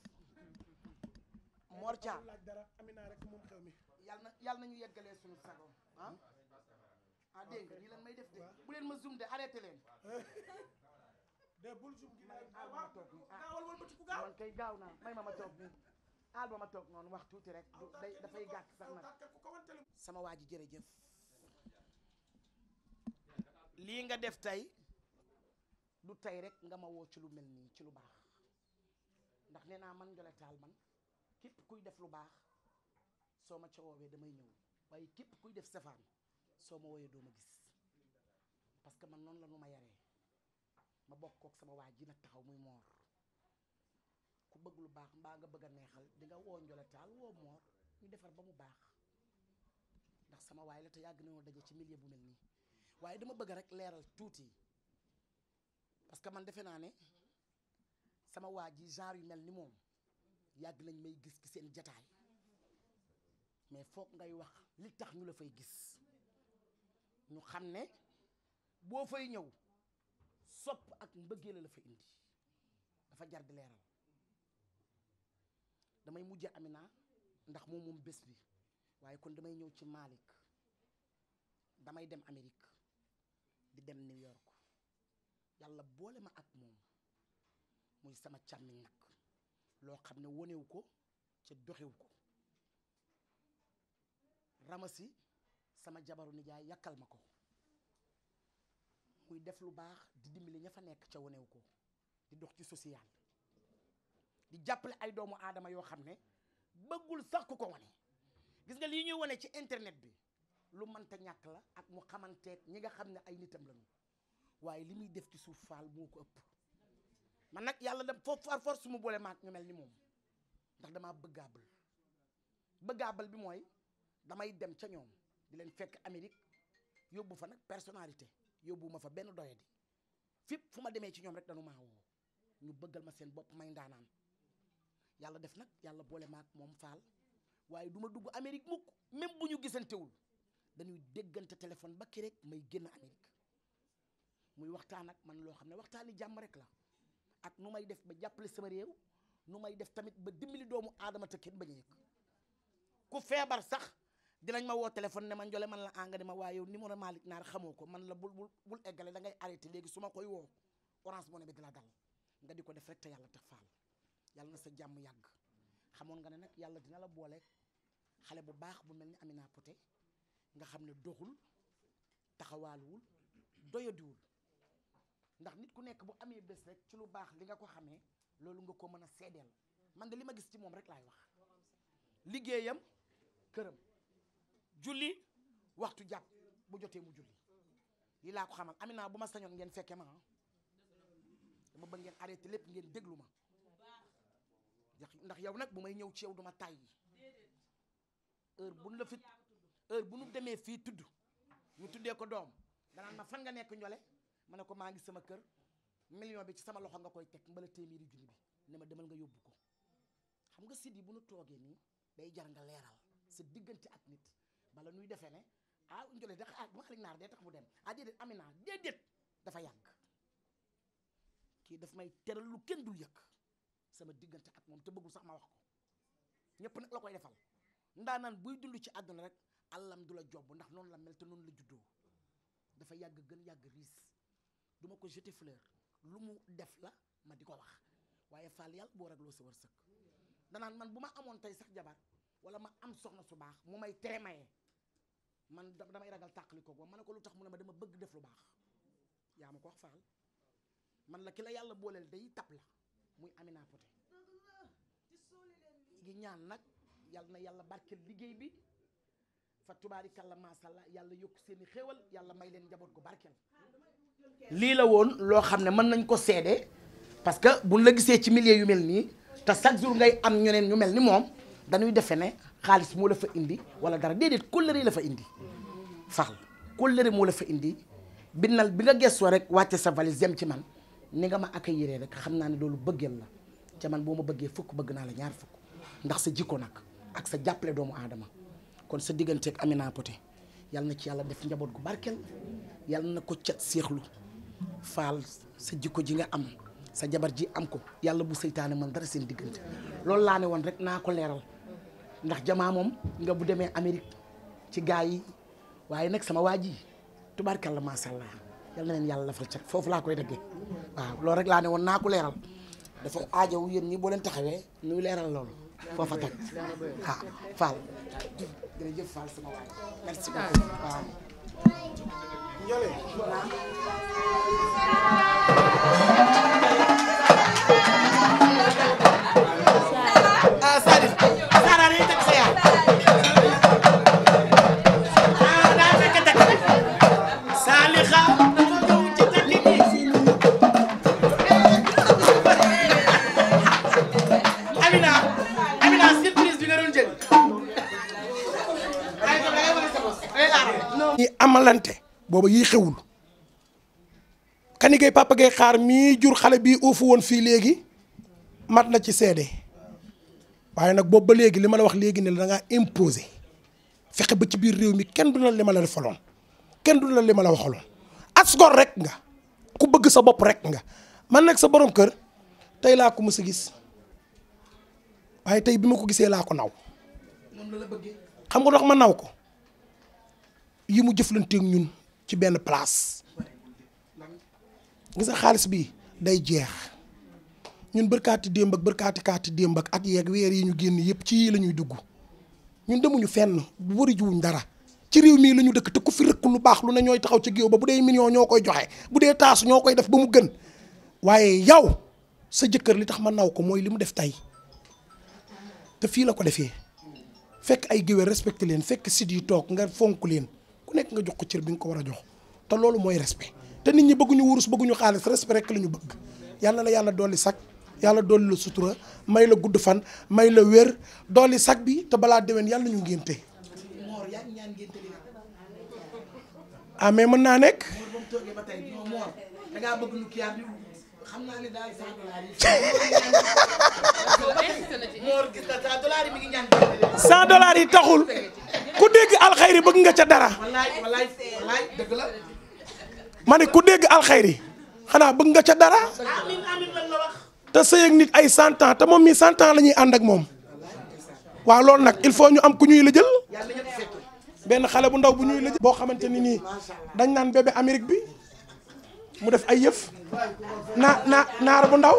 Mor Thiam laaj dara Amina rek moom xew mi yàlla na yàlla na ñu yeggalee suñu sago ah? ah dégg nga nii lan may def de bu leen ma zoom de arrêté leen. de ah, ah, toog nii ah. gaawal kay gaaw naa ma ma toog ma ma noonu wax tuuti rek du day dafay gàtt sax nag sama waa ji jëre jërëjëf lii nga def tey du tey rek nga ma woo ci lu mel nii ci lu baax ndax nee naa man Ndiolé Tall man képp kuy def lu baax soo ma ca woowee damay ñëw waaye képp kuy def safaan soo ma woyee doo ma gis parce que man noonu la nu ma yaree ma bokk kook sama waa ji nag taxaw muy moor ku bëgg lu baax mbaa nga bëgg a neexal di nga woo njoletaal woo moor ñu defar ba mu baax ndax sama waay la te yàgg nañoo daje ci milieu bu mel nii waaye dama bëgg rek leeral tuuti parce que man defe naa ne sama waa ji genre yu mel ni moom yàgg nañ may gis ci seen jataay mais foog ngay wax li tax ñu la fay gis ñu xam ne boo fay ñëw sopp ak mbëggeel la fa indi dafa jar di leeral damay mujje Amina ndax moom moom bés bi waaye kon damay ñëw ci malik damay dem Amérique di dem New York yàlla boole ma ak moom muy sama càmmiñ nag loo xam ne wonewu ko ca doxewu ko ramasi sama jabaru nijaay yàkkal ma ko muy def lu baax di dimbali ña fa nekk ca wanewu ko di dox ci social di jàppale ay doomu aadama yoo xam ne bëggul sax ku ko wane gis nga lii ñuy wane ci internet bi lu mënta ñàkk la ak mu xamanteeg ñi nga xam ne ay nitam lañu waaye li muy def ci suuf faal moo ko ëpp man nag yàlla dem foofu far force mu maak ñu mel ni moom ndax damaa bëggaabal bëggaabal bi mooy damay dem ca ñoom di leen fekk Amérique yóbbu fa nag personnalité yóbbu ma fa benn doyadi fépp fu ma demee ci ñoom rek dañu maa woo ñu bëggal ma seen bopp may ndaanaan yàlla def nag yàlla boole ma moom faal waaye du ma dugg Amérique mukk même bu ñu gisantewul dañuy déggante téléphone ba ki rek may génn Amérique muy waxtaan ak man loo xam ne waxtaani jàmm rek la ak nu may def ba jàppale sama réew nu may def tamit ba dimbali doomu aadama te kenn bañ a yëg ku feebar sax. dinañ ma woo téléphone ne ma njole man la engrais ma waaye yow numéro Malick Naar xamoo ko man la bul bul bul eggale da ngay arrêté léegi su ma koy woo orange moo ne bi di la dal nga di ko def rek te yàlla tax faal yàlla na sa jàmm yàgg xamoon nga ne nag yàlla dina la boole xale bu baax bu mel ni ami naa Poté nga xam ne doxul taxawaaluwul doyadiwul ndax nit ku nekk bu amee bés rek ci lu baax li nga ko xamee loolu nga ko mën a seedeel man de li ma gis ci moom rek laay wax këram julli waxtu jàpp bu jotee mu julli lii laa ko xamal Amina bu ma sañoon ngeen fekke ma dama bëgg ngeen arrêté lépp ngeen déglu ma ndax yow nag bu may ñëw ci yow duma tàyyi heure bu nu bu nu demee fii tudd ñu tuddee ko doom danaan ma fan nga nekk njole ma ne ko maa ngi sama kër million bi ci sama loxo nga koy teg mbala téeméeri junni bi ne ma demal nga yóbbu ko xam nga sit yi bu nu toogee nii day jar nga leeral sa diggante ak nit bala nuy defee ne ah Ndiolé dax ah ma xalig naar dee tax mu dem ah déedéet Amina déedéet dafa yàgg kii daf may teral lu kenn dul yëg sama diggante ak moom te bëggul sax ma wax ko ñëpp nag la koy defal ndaa naan buy dund ci àdduna rek àllam du la job ndax noonu la mel te noonu la juddoo dafa yàgg gën yàgg riis duma ko jeter fleur lu mu def la ma di ko wax waaye Fall yàlla boo ragloo sa wërsëg danaan man bu ma amoon tey sax jabar wala ma am soxna su baax mu may tere man damay ragal tàqali koog man ne ko lu tax mu ne ma dama bëgg def lu baax yaa ma ko wax faal man la ki la yàlla booleel day tab la muy Amina Poté ngi ñaan nag yàlla na yàlla barkeel liggéey bi fa tubaarikàlla maasàllaa yàlla yokk seeni xéewal yàlla may leen njaboot gu barkeel lii la woon loo xam ne mën nañ ko seede parce que buñ la gisee ci millier yu mel nii te chaque jour ngay am ñeneen ñu mel ni moom dañuy defe ne xaalis moo la fa indi wala dara déedéet kóllëre la fa indi faxal kóllëre moo la fa indi bi nal bi nga gëstoo rek wàcce sa valise yem ci man ni nga ma accueillir rek xam naa ne loolu bëggeel la ca man boo ma bëggee fukk bëgg naa la ñaar fukk ndax sa jikko nag ak sa jàppale doomu aadama kon sa digganteeg Amina Poté yàlla na ci yàlla def njaboot gu barkeel yàlla na ko cat seexlu faal sa jikko ji nga am sa jabar ji am ko yàlla bu seytaane mën dara seen diggante loolu laa ne woon rek naa ko leeral ndax jamaa moom nga bu demee Amérique ci gaa yi waaye nag sama waa ji tubaarkalla macha allah yal na leen yàlla lafal cat foofu laa koy dëggee waaw loolu rek laa ne woon naa ko leeral dafa aajowu yéen nii boo leen taxawee ñu leeral loolu foofa toj ah Fall booba yii xewul kanigay papa gay xaar mii jur xale bii uufu woon fii léegi mat na ci seede waaye nag boobu ba léegi li ma la wax léegi ne la da ngaa fexe ba ci biir réew mi kenn du la li ma la defaloon kenn du la li ma la waxaloon asgor rek nga ku bëgg sa bopp rek nga man nag sa borom kër tey laa ko mës a gis waaye tey bi ma ko gisee laa ko naw xam nga dox ma naw ko yi mu jëflanteek ñun ci benn place gis xaalis bi day jeex ñun bërkaati démb ak bërkaati kaati démb ak at yeeg weer yi ñu génn yëpp ci yii la ñuy dugg ñun demuñu fenn bu wari jiwuñ dara ci réew mii lañu dëkk te ku fi rëkk lu baax lu ne ñooy taxaw ci géew ba bu dee minio ñoo koy joxe bu dee taas ñoo koy def ba mu gën waaye yow sa jëkkër li tax ma naw ko mooy li mu def tey te fii la ko defee fekk ay géwél respecté leen fekk sit yi toog nga fonk leen ku nekk nga jox ko cër bi nga ko war a jox te loolu mooy respect te nit ñi bëgguñu wurus bëgguñu xaalis respect rekk la ñu bëgg yàlla la yàlla dolli sax yàlla dolli la sutura may la gudd fan may la wér dolli sax bi te balaa déwén yàlla ñu ngénte ah mais mën naa nekk. xam naa ne daal cent dollars yi. cent dollars yi taxul ku dégg alxayri bëgg nga ca dara. ma ne ku dégg alxayri xanaa bëgg nga ca dara. te sëy ak nit ay cent ans te moom mii cent ans lañuy ñuy ànd ak moom. waaw loolu nag il faut ñu am ku ñuy la jël benn xale bu ndaw bu ñuy la boo xamante ni nii dañ naan bébé Amérique bi. mu def ay yëf naa naa naar bu ndaw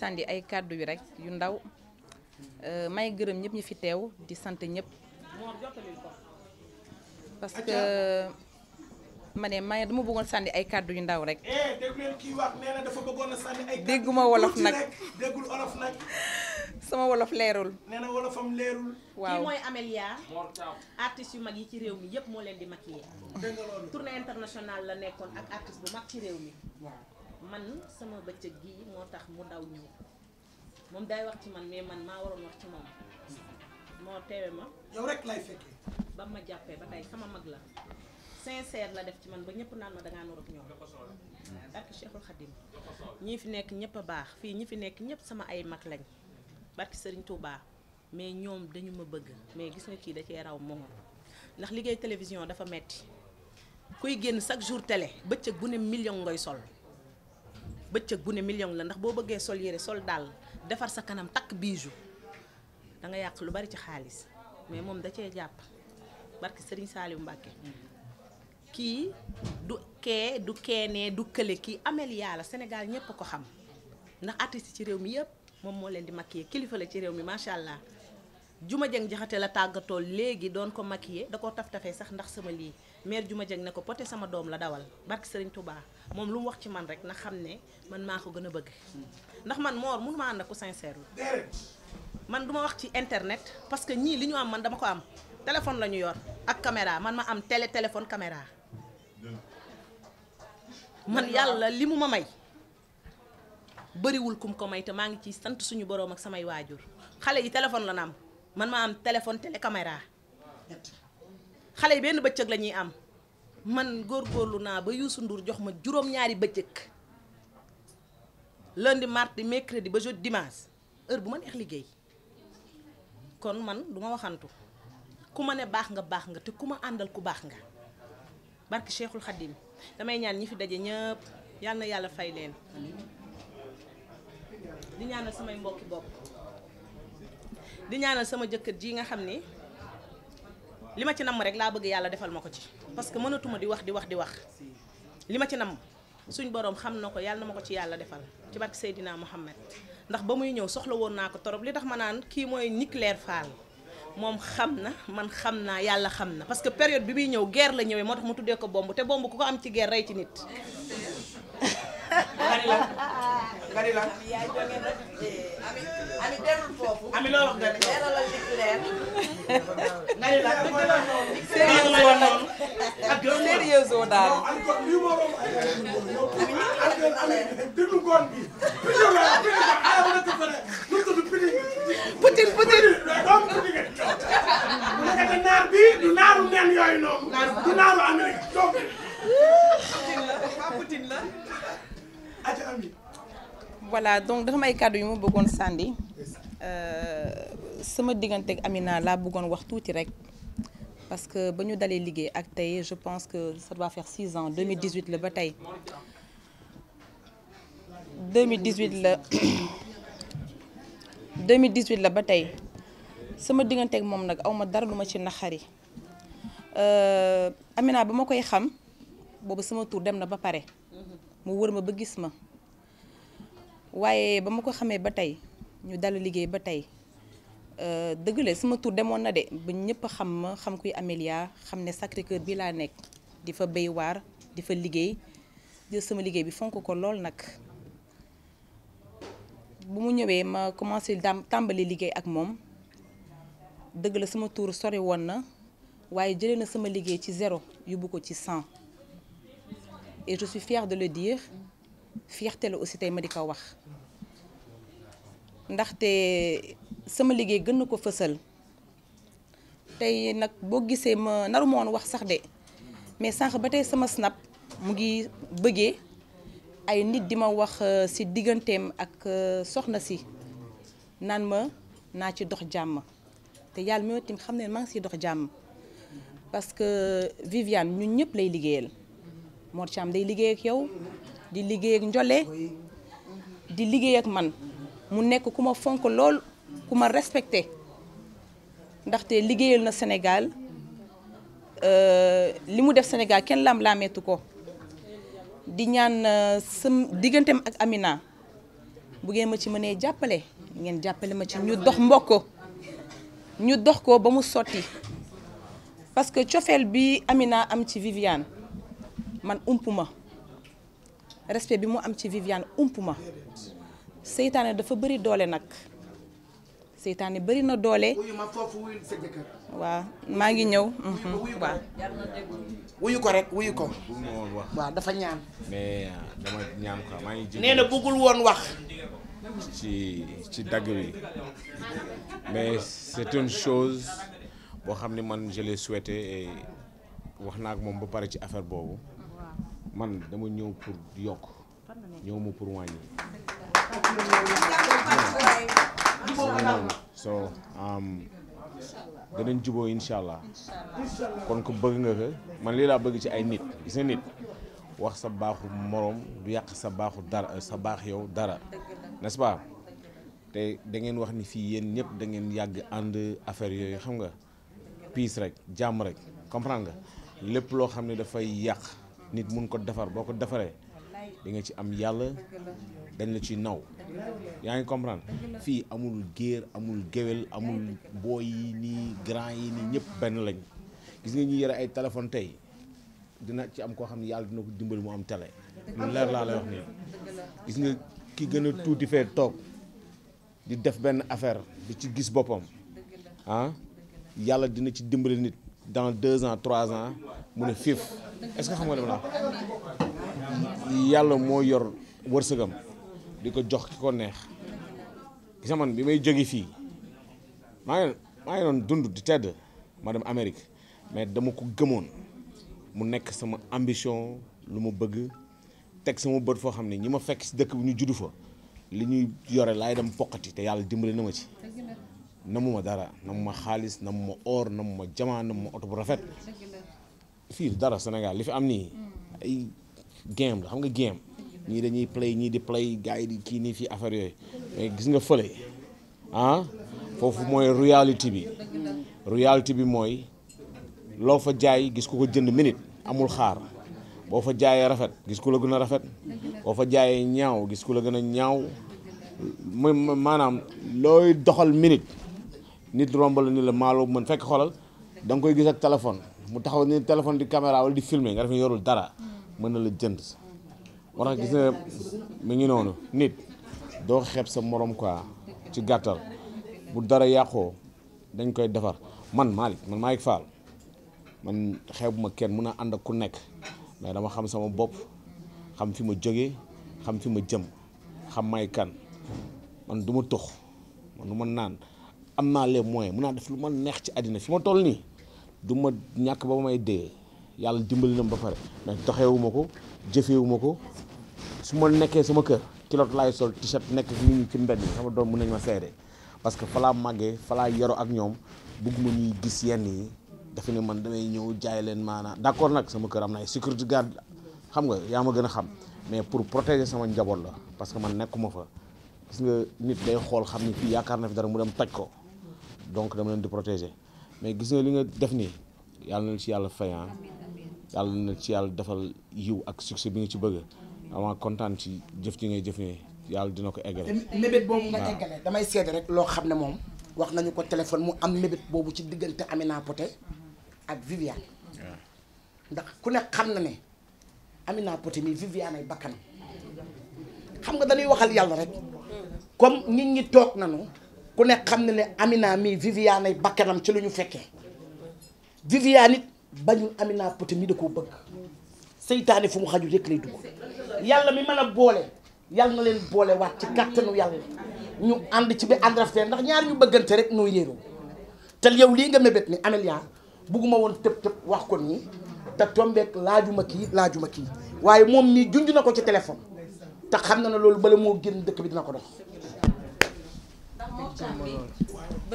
sànni ay kàddu yu rek yu ndaw euh, may gërëm ñëpp ñi fi teew di sant ñëpp parce que ma ne ma dama bëggoon sànni ay kàddu yu ndaw rek. Eh, dégg leen kii wax na dafa bëggoon a sànni ay. dégguma wolof nag déggul sama wolof leerul. nee na wolofam leerul. waaw kii mooy yu mag yi ci réew mi yëpp moo leen di mag yi nga loolu tournée internationale la nekkoon ak artiste bu mag ci réew mi. man sama bëccëg gii moo tax mu daw ñëw moom daay wax ci man mais man maa waroon wax ci moom moo teewe ma. yow rek ma jàppee ba tey sama mag la sincère la def ci man ba ñëpp naan ma da ngaa nuroog ñoom. barke Cheikhul Khadim ñi fi nekk ñëpp baax fii ñi fi nekk ñëpp sama ay mag lañ barke Serigne Touba mais ñoom dañu ma bëgg mais gis nga kii da cee raw moom ndax liggéey télévision dafa metti kuy génn chaque jour tele bëccëg bu ne million ngay sol. bëccëg bu ne million la ndax boo bëggee sol yére sol dàll defar sa kanam takk bijou da nga yàq lu bari ci xaalis mais moom da cee jàpp barki Serigne Saliou Mbacke kii du kee du keenee du kële kii Amélia la Sénégal ñëpp ko xam ndax artiste ci réew mi yëpp moom moo leen di yee kilifa la ci réew mi macha allah Juma Jeng jaxate la tàggatoo léegi doon ko maquiller da koo taf tafee sax ndax sama lii mère Juma Jeng ne ko poté sama doom la dawal barki Serigne Touba. moom lu mu wax ci man rek na xam ne man maa ko gën a bëgg ndax man Mor mënu ma ànd ak ku sincère man duma wax ci internet parce que ñii li ñu am man dama ko am téléphone la ñu yor ak caméra man ma am télé téléphone caméra man yàlla li mu ma may bëriwul kum ko may maa ngi ciy sant suñu boroom ak samay waajur xale yi téléphone la na am man téléphone télé caméra xale yi benn bëccëg la ñuy am man góor góorgóorlu naa ba Youssou Ndour jox ma juróom-ñaari bëccëg lundi mardi mercredi ba jeudi dimaas heure bu ma neex liggéey kon man duma waxantu ku ma ne baax nga baax nga te ku ma àndal ku baax nga barki Cheikhul Khadim damay ñaan ñi fi daje ñëpp yàlla na yàlla fay leen di ñaanal samay mbokki bopp di ñaanal sama jëkkër ji nga xam ni li ma ci nam rek laa bëgg yàlla defal ma ko ci parce que mënatuma di wax di wax di wax li ma ci nam suñ borom xam na ko yàlla na ma ko ci yàlla defal ci barke Seydina Mohamed ndax ba muy ñëw soxla woon naa ko torop li tax ma naan kii mooy Niclaire Fall moom xam na man xam naa yàlla xam na parce que période bi muy ñëw geer la ñëwee moo tax mu tuddee ko bomb te bomb ku ko am ci guerre rey ci nit nga di lan. ami dellu foofu. ami loo wax daal. putin putin. putin la waaw voilà donc dafa may ay kàddu yu ma bëggoon sànni euh, sama diggante ak Amina laa bëggoon wax tuuti rek parce que ba ñu dalee liggéey ak tey je pense que ça doit faire six ans 2018 la ba tey 2018 la 2018 la ba tey sama diggante ak moom nag awma dara lu ma ci naqari euh, Amina ba ma koy xam boobu sama tur dem na ba pare mu wër ma ba gis ma. waaye ba ma ko xamee ba tey ñu dalu liggéey ba tey euh, dëgg la sama tur demoon na de ba ñëpp xam ma xam kuy Amélia xam ne Sacré Cœur bi laa nekk di fa bay waar di fa liggéey jël sama liggéey bi fonk ko lool nag bu mu ñëwee ma commencé dam tàmbali liggéey ak moom dëgg la sama tur sori woon na waaye jëlee na sama liggéey ci zéro yóbbu ko ci cent et je suis fière de le dire fierté la aussi tey ma di ko wax ndaxte sama liggéey gën na ko fësal tey nag boo gisee ma naru ma wax sax de mais sànq ba tey sama snap mu ngi bëggee ay nit di ma wax ci euh, digganteem ak euh, soxna si naan ma naa ci dox jàmm te yàlla moo tim xam ne maa ngi dox jàmm parce que Viviane ñun ñëpp lay liggéeyal Mor Thiam day liggéey yow. di liggéey ak Njole di man mu nekk ku ma fonk lool ku ma respecté ndaxte liggéeyal na Sénégal euh, li mu def Sénégal kenn laam laameetu ko di ñaan euh, sam digganteem ak Amina bu ngeen ma ci mënee jàppale ngeen jàppale ma ci ñu dox mbokk ñu dox ko ba mu sotti parce que cofeel bi Amina am ci Viviane man ump ma respect bi mu am ci Viviane ump ma seytaane dafa bari doole nag seytaane bari na doole. waaw maa ngi ñëw. wuyu ko rek wuyu ko. waaw dafa ñaan. Ah, maa ngi. nee na bëggul woon wax. ci ci dagg bi mais c'est une chose boo xam ne man je l'ai souhaité wax naa ak moom ba pare ci affaire boobu. man dama ñëw pour yokk ñëw mu pour wàññi so um, danañ juboo incha allah kon ko bëgg nga ko man lii laa bëgg ci ay nit gis nga nit wax sa baaxu moroom du yàq sa baaxu dara sa baax yow dara n'est-ce te da ngeen wax ni fii yéen ñëpp da ngeen yàgg ànd affaire yooyu xam nga piis rek jàmm rek comprendre nga lépp loo xam ne dafay yàq nit mun ko defar boo ko defaree di ci am yàlla dañ la ci naw yaa ngi comprendre fii amul géer amul géwel amul booy yi nii grand yi nii ñëpp benn lañ gis nga ñuy yore ay téléphone tey dina ci am koo xam ne yàlla dina ko dimbali mu am télé lu leer laa la wax nii gis nga ki gën a tuuti fee toog di def benn affaire di ci gis boppam ah yàlla dina ci dimbali nit dans deux ans trois ans mu ne fiif est-ce que xam nga li ma la yàlla moo yor wërsëgam di ko jox ki ko neex gis man bi may jóge fii maa ngi maa ngi doon dund di tedd ma dem Amérique mais dama ko gëmoon mu nekk sama ambition lu ma bëgg teg sama bët foo xam ne ñi ma fekk si dëkk bu ñu juddu fa li ñuy yore laay dem poqati te yàlla dimbali na ma ci namuma dara namuma xaalis namuma or namuma jamaa namuma oto bu rafet fii dara Sénégal li fi am nii hmm. ay game la xam nga game ñii dañuy play ñii di play gars yi di kii nii fii affaire yooyu mais gis nga fële ah foofu mooy reality bi reality bi mooy loo fa jaay gis ku ko jënd minute amul xaar boo fa jaayee rafet gis ku la gën a rafet boo fa jaayee ñaaw gis ku la gën a ñaaw mooy maanaam looy doxal minute nit romb la ni la maaloo mën fekk xolal danga koy gis ak téléphone mu taxaw ni téléphone di caméra wala di filmer nga def ni yorul dara mën na la jënd moo tax gis na mi ngi noonu nit doo xeeb sa morom quoi ci gàttal bu dara yàqoo dañ koy defar man Malick man maa Malick Fall man ma kenn mun a ànd ak ku nekk mais dama xam sama bopp xam fi ma jóge xam fi ma jëm xam may kan man du ma tux man du ma naan am naa les moyens mun naa def lu ma neex ci àddina fi ma toll nii du ma ñàkk ba may dee yàlla dimbali na ma ba pare mais doxewuma ko jëfewuma ko su ma nekkee sama kër kilot laay sol t-shirt nekk nit ñi ci mbedd mi sama doom mën nañ ma seede parce que falaa màggee falaa yoro ak ñoom bëgguma ñuy gis yenn yi dafa ne man damay ñëw jaay leen maanaam d'accord nag sama kër am na ay sécurité xam nga yaa ma gën a xam mais pour protéger sama njaboot la parce que man nekkuma fa gis nga nit day xool xam ni fii yaakaar na fi dara mu dem taj ko donc dama leen di protéger mais gis nga li nga def nii yàlla na ci yàlla fayan ah. yàlla na ci yàlla defal yiw ak succès bi nga ci bëgg amaa kontaan ci jëf ji ngay jëf nii yàlla dina ko eggale mébét boobu nga eggale damay seede rek loo xam ne moom wax nañu ko téléphone mu am mébét boobu ci diggante Amina Poté ak Viviane ndax ku nekk xam na ne Amina Poté mi Viviane ay bakkanam xam nga dañuy waxal yàlla rek mm-hmm. comme nit ñi toog nañu ku nekk xam na ne Amina mii Viviane ay bakkanam ci lu ñu fekkee nit ba bañul Amina Poté mi da koo bëgg seytaane fu mu xaju rek lay dugg yàlla mi mën a boole yàlla na leen boole waat ci kàttanu yàlla ñu ànd ci bi ànd rafetee ndax ñaar ñu bëggante rek nooy réeroo te yow lii nga mébét ni Amélia bugguma woon tëb tëb wax ko nii te tombeek laajuma kii laajuma kii waaye moom mii junj na ko ci téléphone te xam na ne loolu bala moo génn dëkk bi dina ko dox waxtaan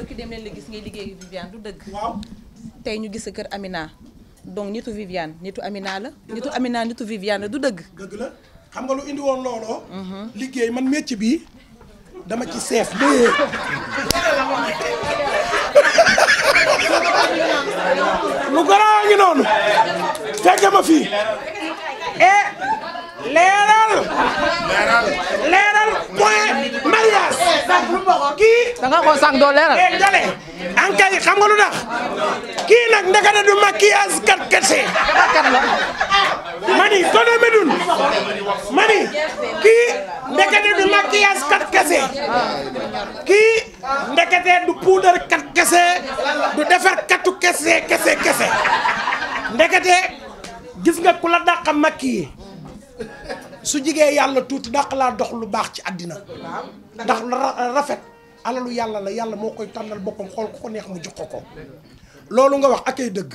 bi dem leen la gis ngay liggéey Viviane du dëgg tey ñu gis sa kër Amina donc nitu Viviane nitu Amina la nitu Amina nitu Viviane la du dëgg dëgg la xam nga lu indi woon looloo mhm. liggéey man métier bi dama ci seef dee lu garaa ngi noonu fekk ma fii e leeral leeral point alias kii da nga ko sànq doo leeral jale an kay xam nga lu ndekete du maquillage kat kese kii ndekete du maquillage kat kese kese du defar katu kese kese ndekete gis nga ku la su jigee yàlla tuuti dàq laa dox lu baax ci àddina ndax rafet alalu yàlla la yàlla moo koy tànnal boppam xool ko ko neex mu jox ko ko loolu nga wax akay dëgg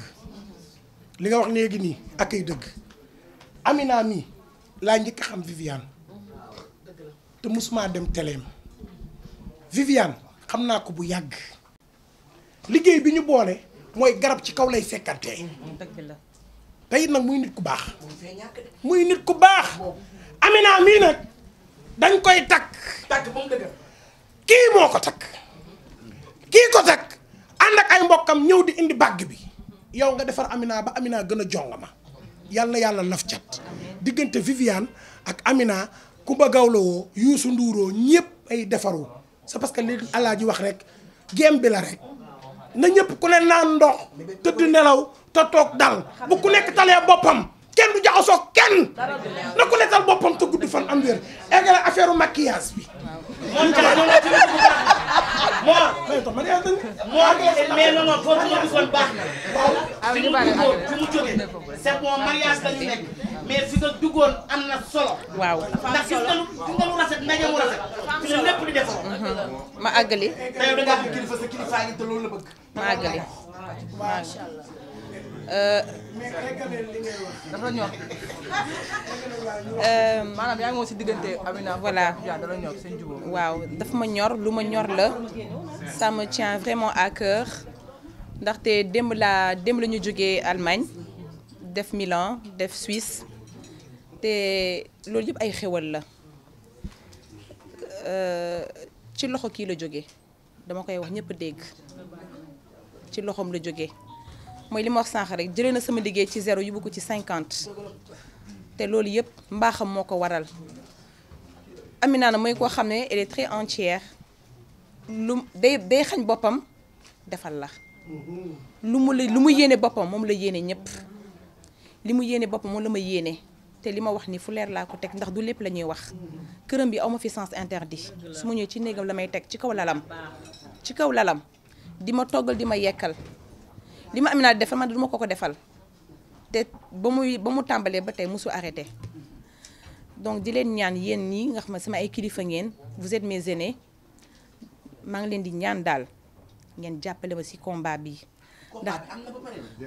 li nga wax léegi nii akay dëgg Amina mi laa njëkk xam Viviane te musuma dem teleem Viviane xam naa ko bu yàgg liggéey bi ñu boole mooy garab ci kaw lay fekkante mm, tey nag muy nit ku baax muy nit ku baax Amina mii nag dañ koy takk. takk moom kii moo ko takk kii ko takk ànd ak ay mbokkam ñëw di indi bàgg bi yow nga defar Amina ba Amina gën a jongama yàlla yàlla laf cat diggante Viviane ak Amina Kumba Gawlo woo Yuusu Nduuroo ñëpp ay defaru c'est parce que li ji wax rek géem bi la rek na ñëpp ku ne naan ndox tëdd nelaw te toog dal bu ku nekk talee boppam kenn du jaxasoo kenn na ko lekkal boppam te gudd fan am wér eggale affaire u a bi moom mais non non foofu nga bëggoon baax na waaw fi mu duggoon fi mu jógee c'est bon mariage dañu nekk mais fi nga duggoon am na solo waaw lu gis nga lu rafet ndaje mu ma àggali ma àggali dafa ñor maanaam yaa ngi woon si diggante Amina voilà waaw daf ma ñor lu ma ñor la ça tien vraiment à cœur ndaxte démb laa démb la ñu jógee Allemagne def Milan def Suisse te loolu yëpp ay xéwal la euh, ci loxo kii la jóge dama koy wax ñépp a dégg ci loxoom la jóge mooy li ma wax sànq rek jëlee na sama liggéey ci zéro yóbbu ko ci cinquante te loolu yëpp mbaaxam moo ko waral Amina na mooy koo xam ne elle est très entière lu day xañ boppam defal la lu mu la lu mu yéene boppam moom la yéene ñëpp li mu yéene boppam moom la ma yéene te li ma wax ni fu leer laa ko teg ndax du lépp la ñuy wax këram bi aw ma fi sens interdit su ma ñëwee ci néegam la may teg ci kaw lalam ci kaw lalam di ma toggal di ma yekkal li ma am Amina defal man du ma ko ko defal te ba muy ba mu tàmbalee ba tey mosu arrêté donc di leen ñaan yéen ñii nga xam ne sama ay kilifa ngeen vous êtes mes maa ngi leen di ñaan daal ngeen jàppale ma ci combat bi ndax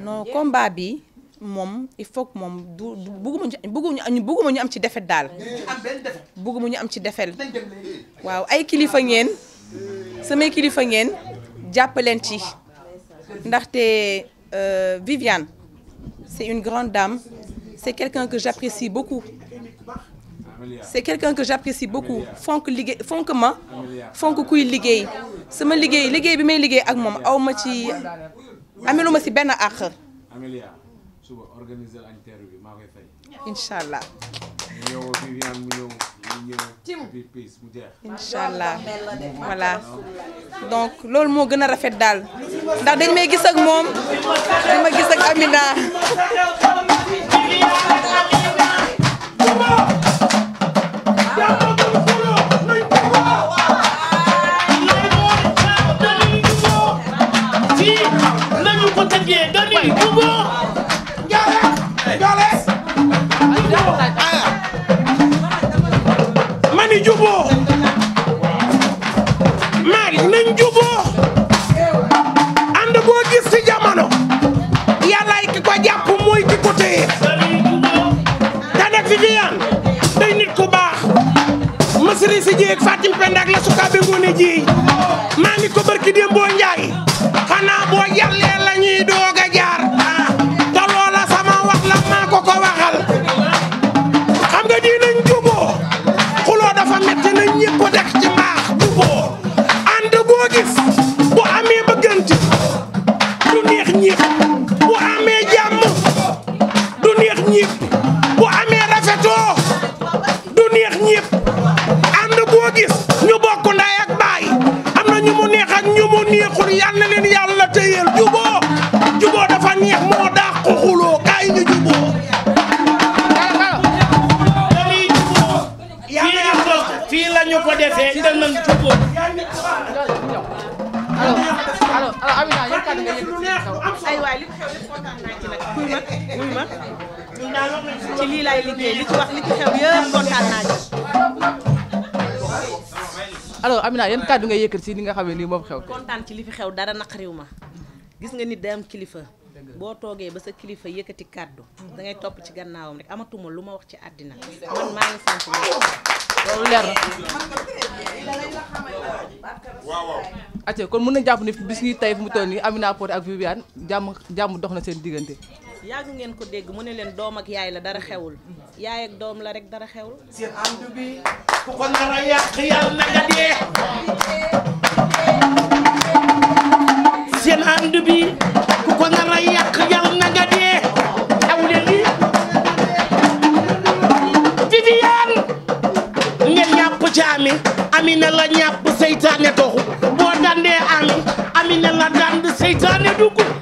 noo combat bi moom il faut moom du du bugguma ñu am ci defet daal bugguma ñu am ci defet waaw ay kilifa ngeen samay kilifa ngeen jàppaleen ci ndaxte euh, Viviane c'est une grande dame c'est quelqu'un que j'apprécie beaucoup c'est quelqu'un que j'apprécie beaucoup fonk liggéey fonk ma fonk kuy liggéey sama liggéey liggéey bi may liggéey ak moom aw ma ci amelu ma si benn àq. incha allah. incha allah voilà donc loolu moo gën a rafet daal ndax dañ may gis ak moom dañ ma gis Amina. kàddu nga yëkkat si xam ne lii moom xew te kontaan ci li fi xew nga nit day kilifa boo toogee ba sa kilifa yëkkati kàddu hmm. da topp ci gannaawam amatuma lu ma wax ci àddina kon mën na jàpp ni bis ñuy tey fu mu toll nii Amina Poté ak Viviane jàmm jàmm dox na seen diggante yàgg ko dégg mu ne leen doom ak yaay la dara xewul hmm. yaay ak doom la rek dara xewul ku ko nar a yàlla nga dee seen ànd bi ku ko nar a yàlla nga dee aw leen ni Viviane ñàpp ci ami amina la ñàpp seytaane doxu boo dandee ami amina la dand seytaane dugg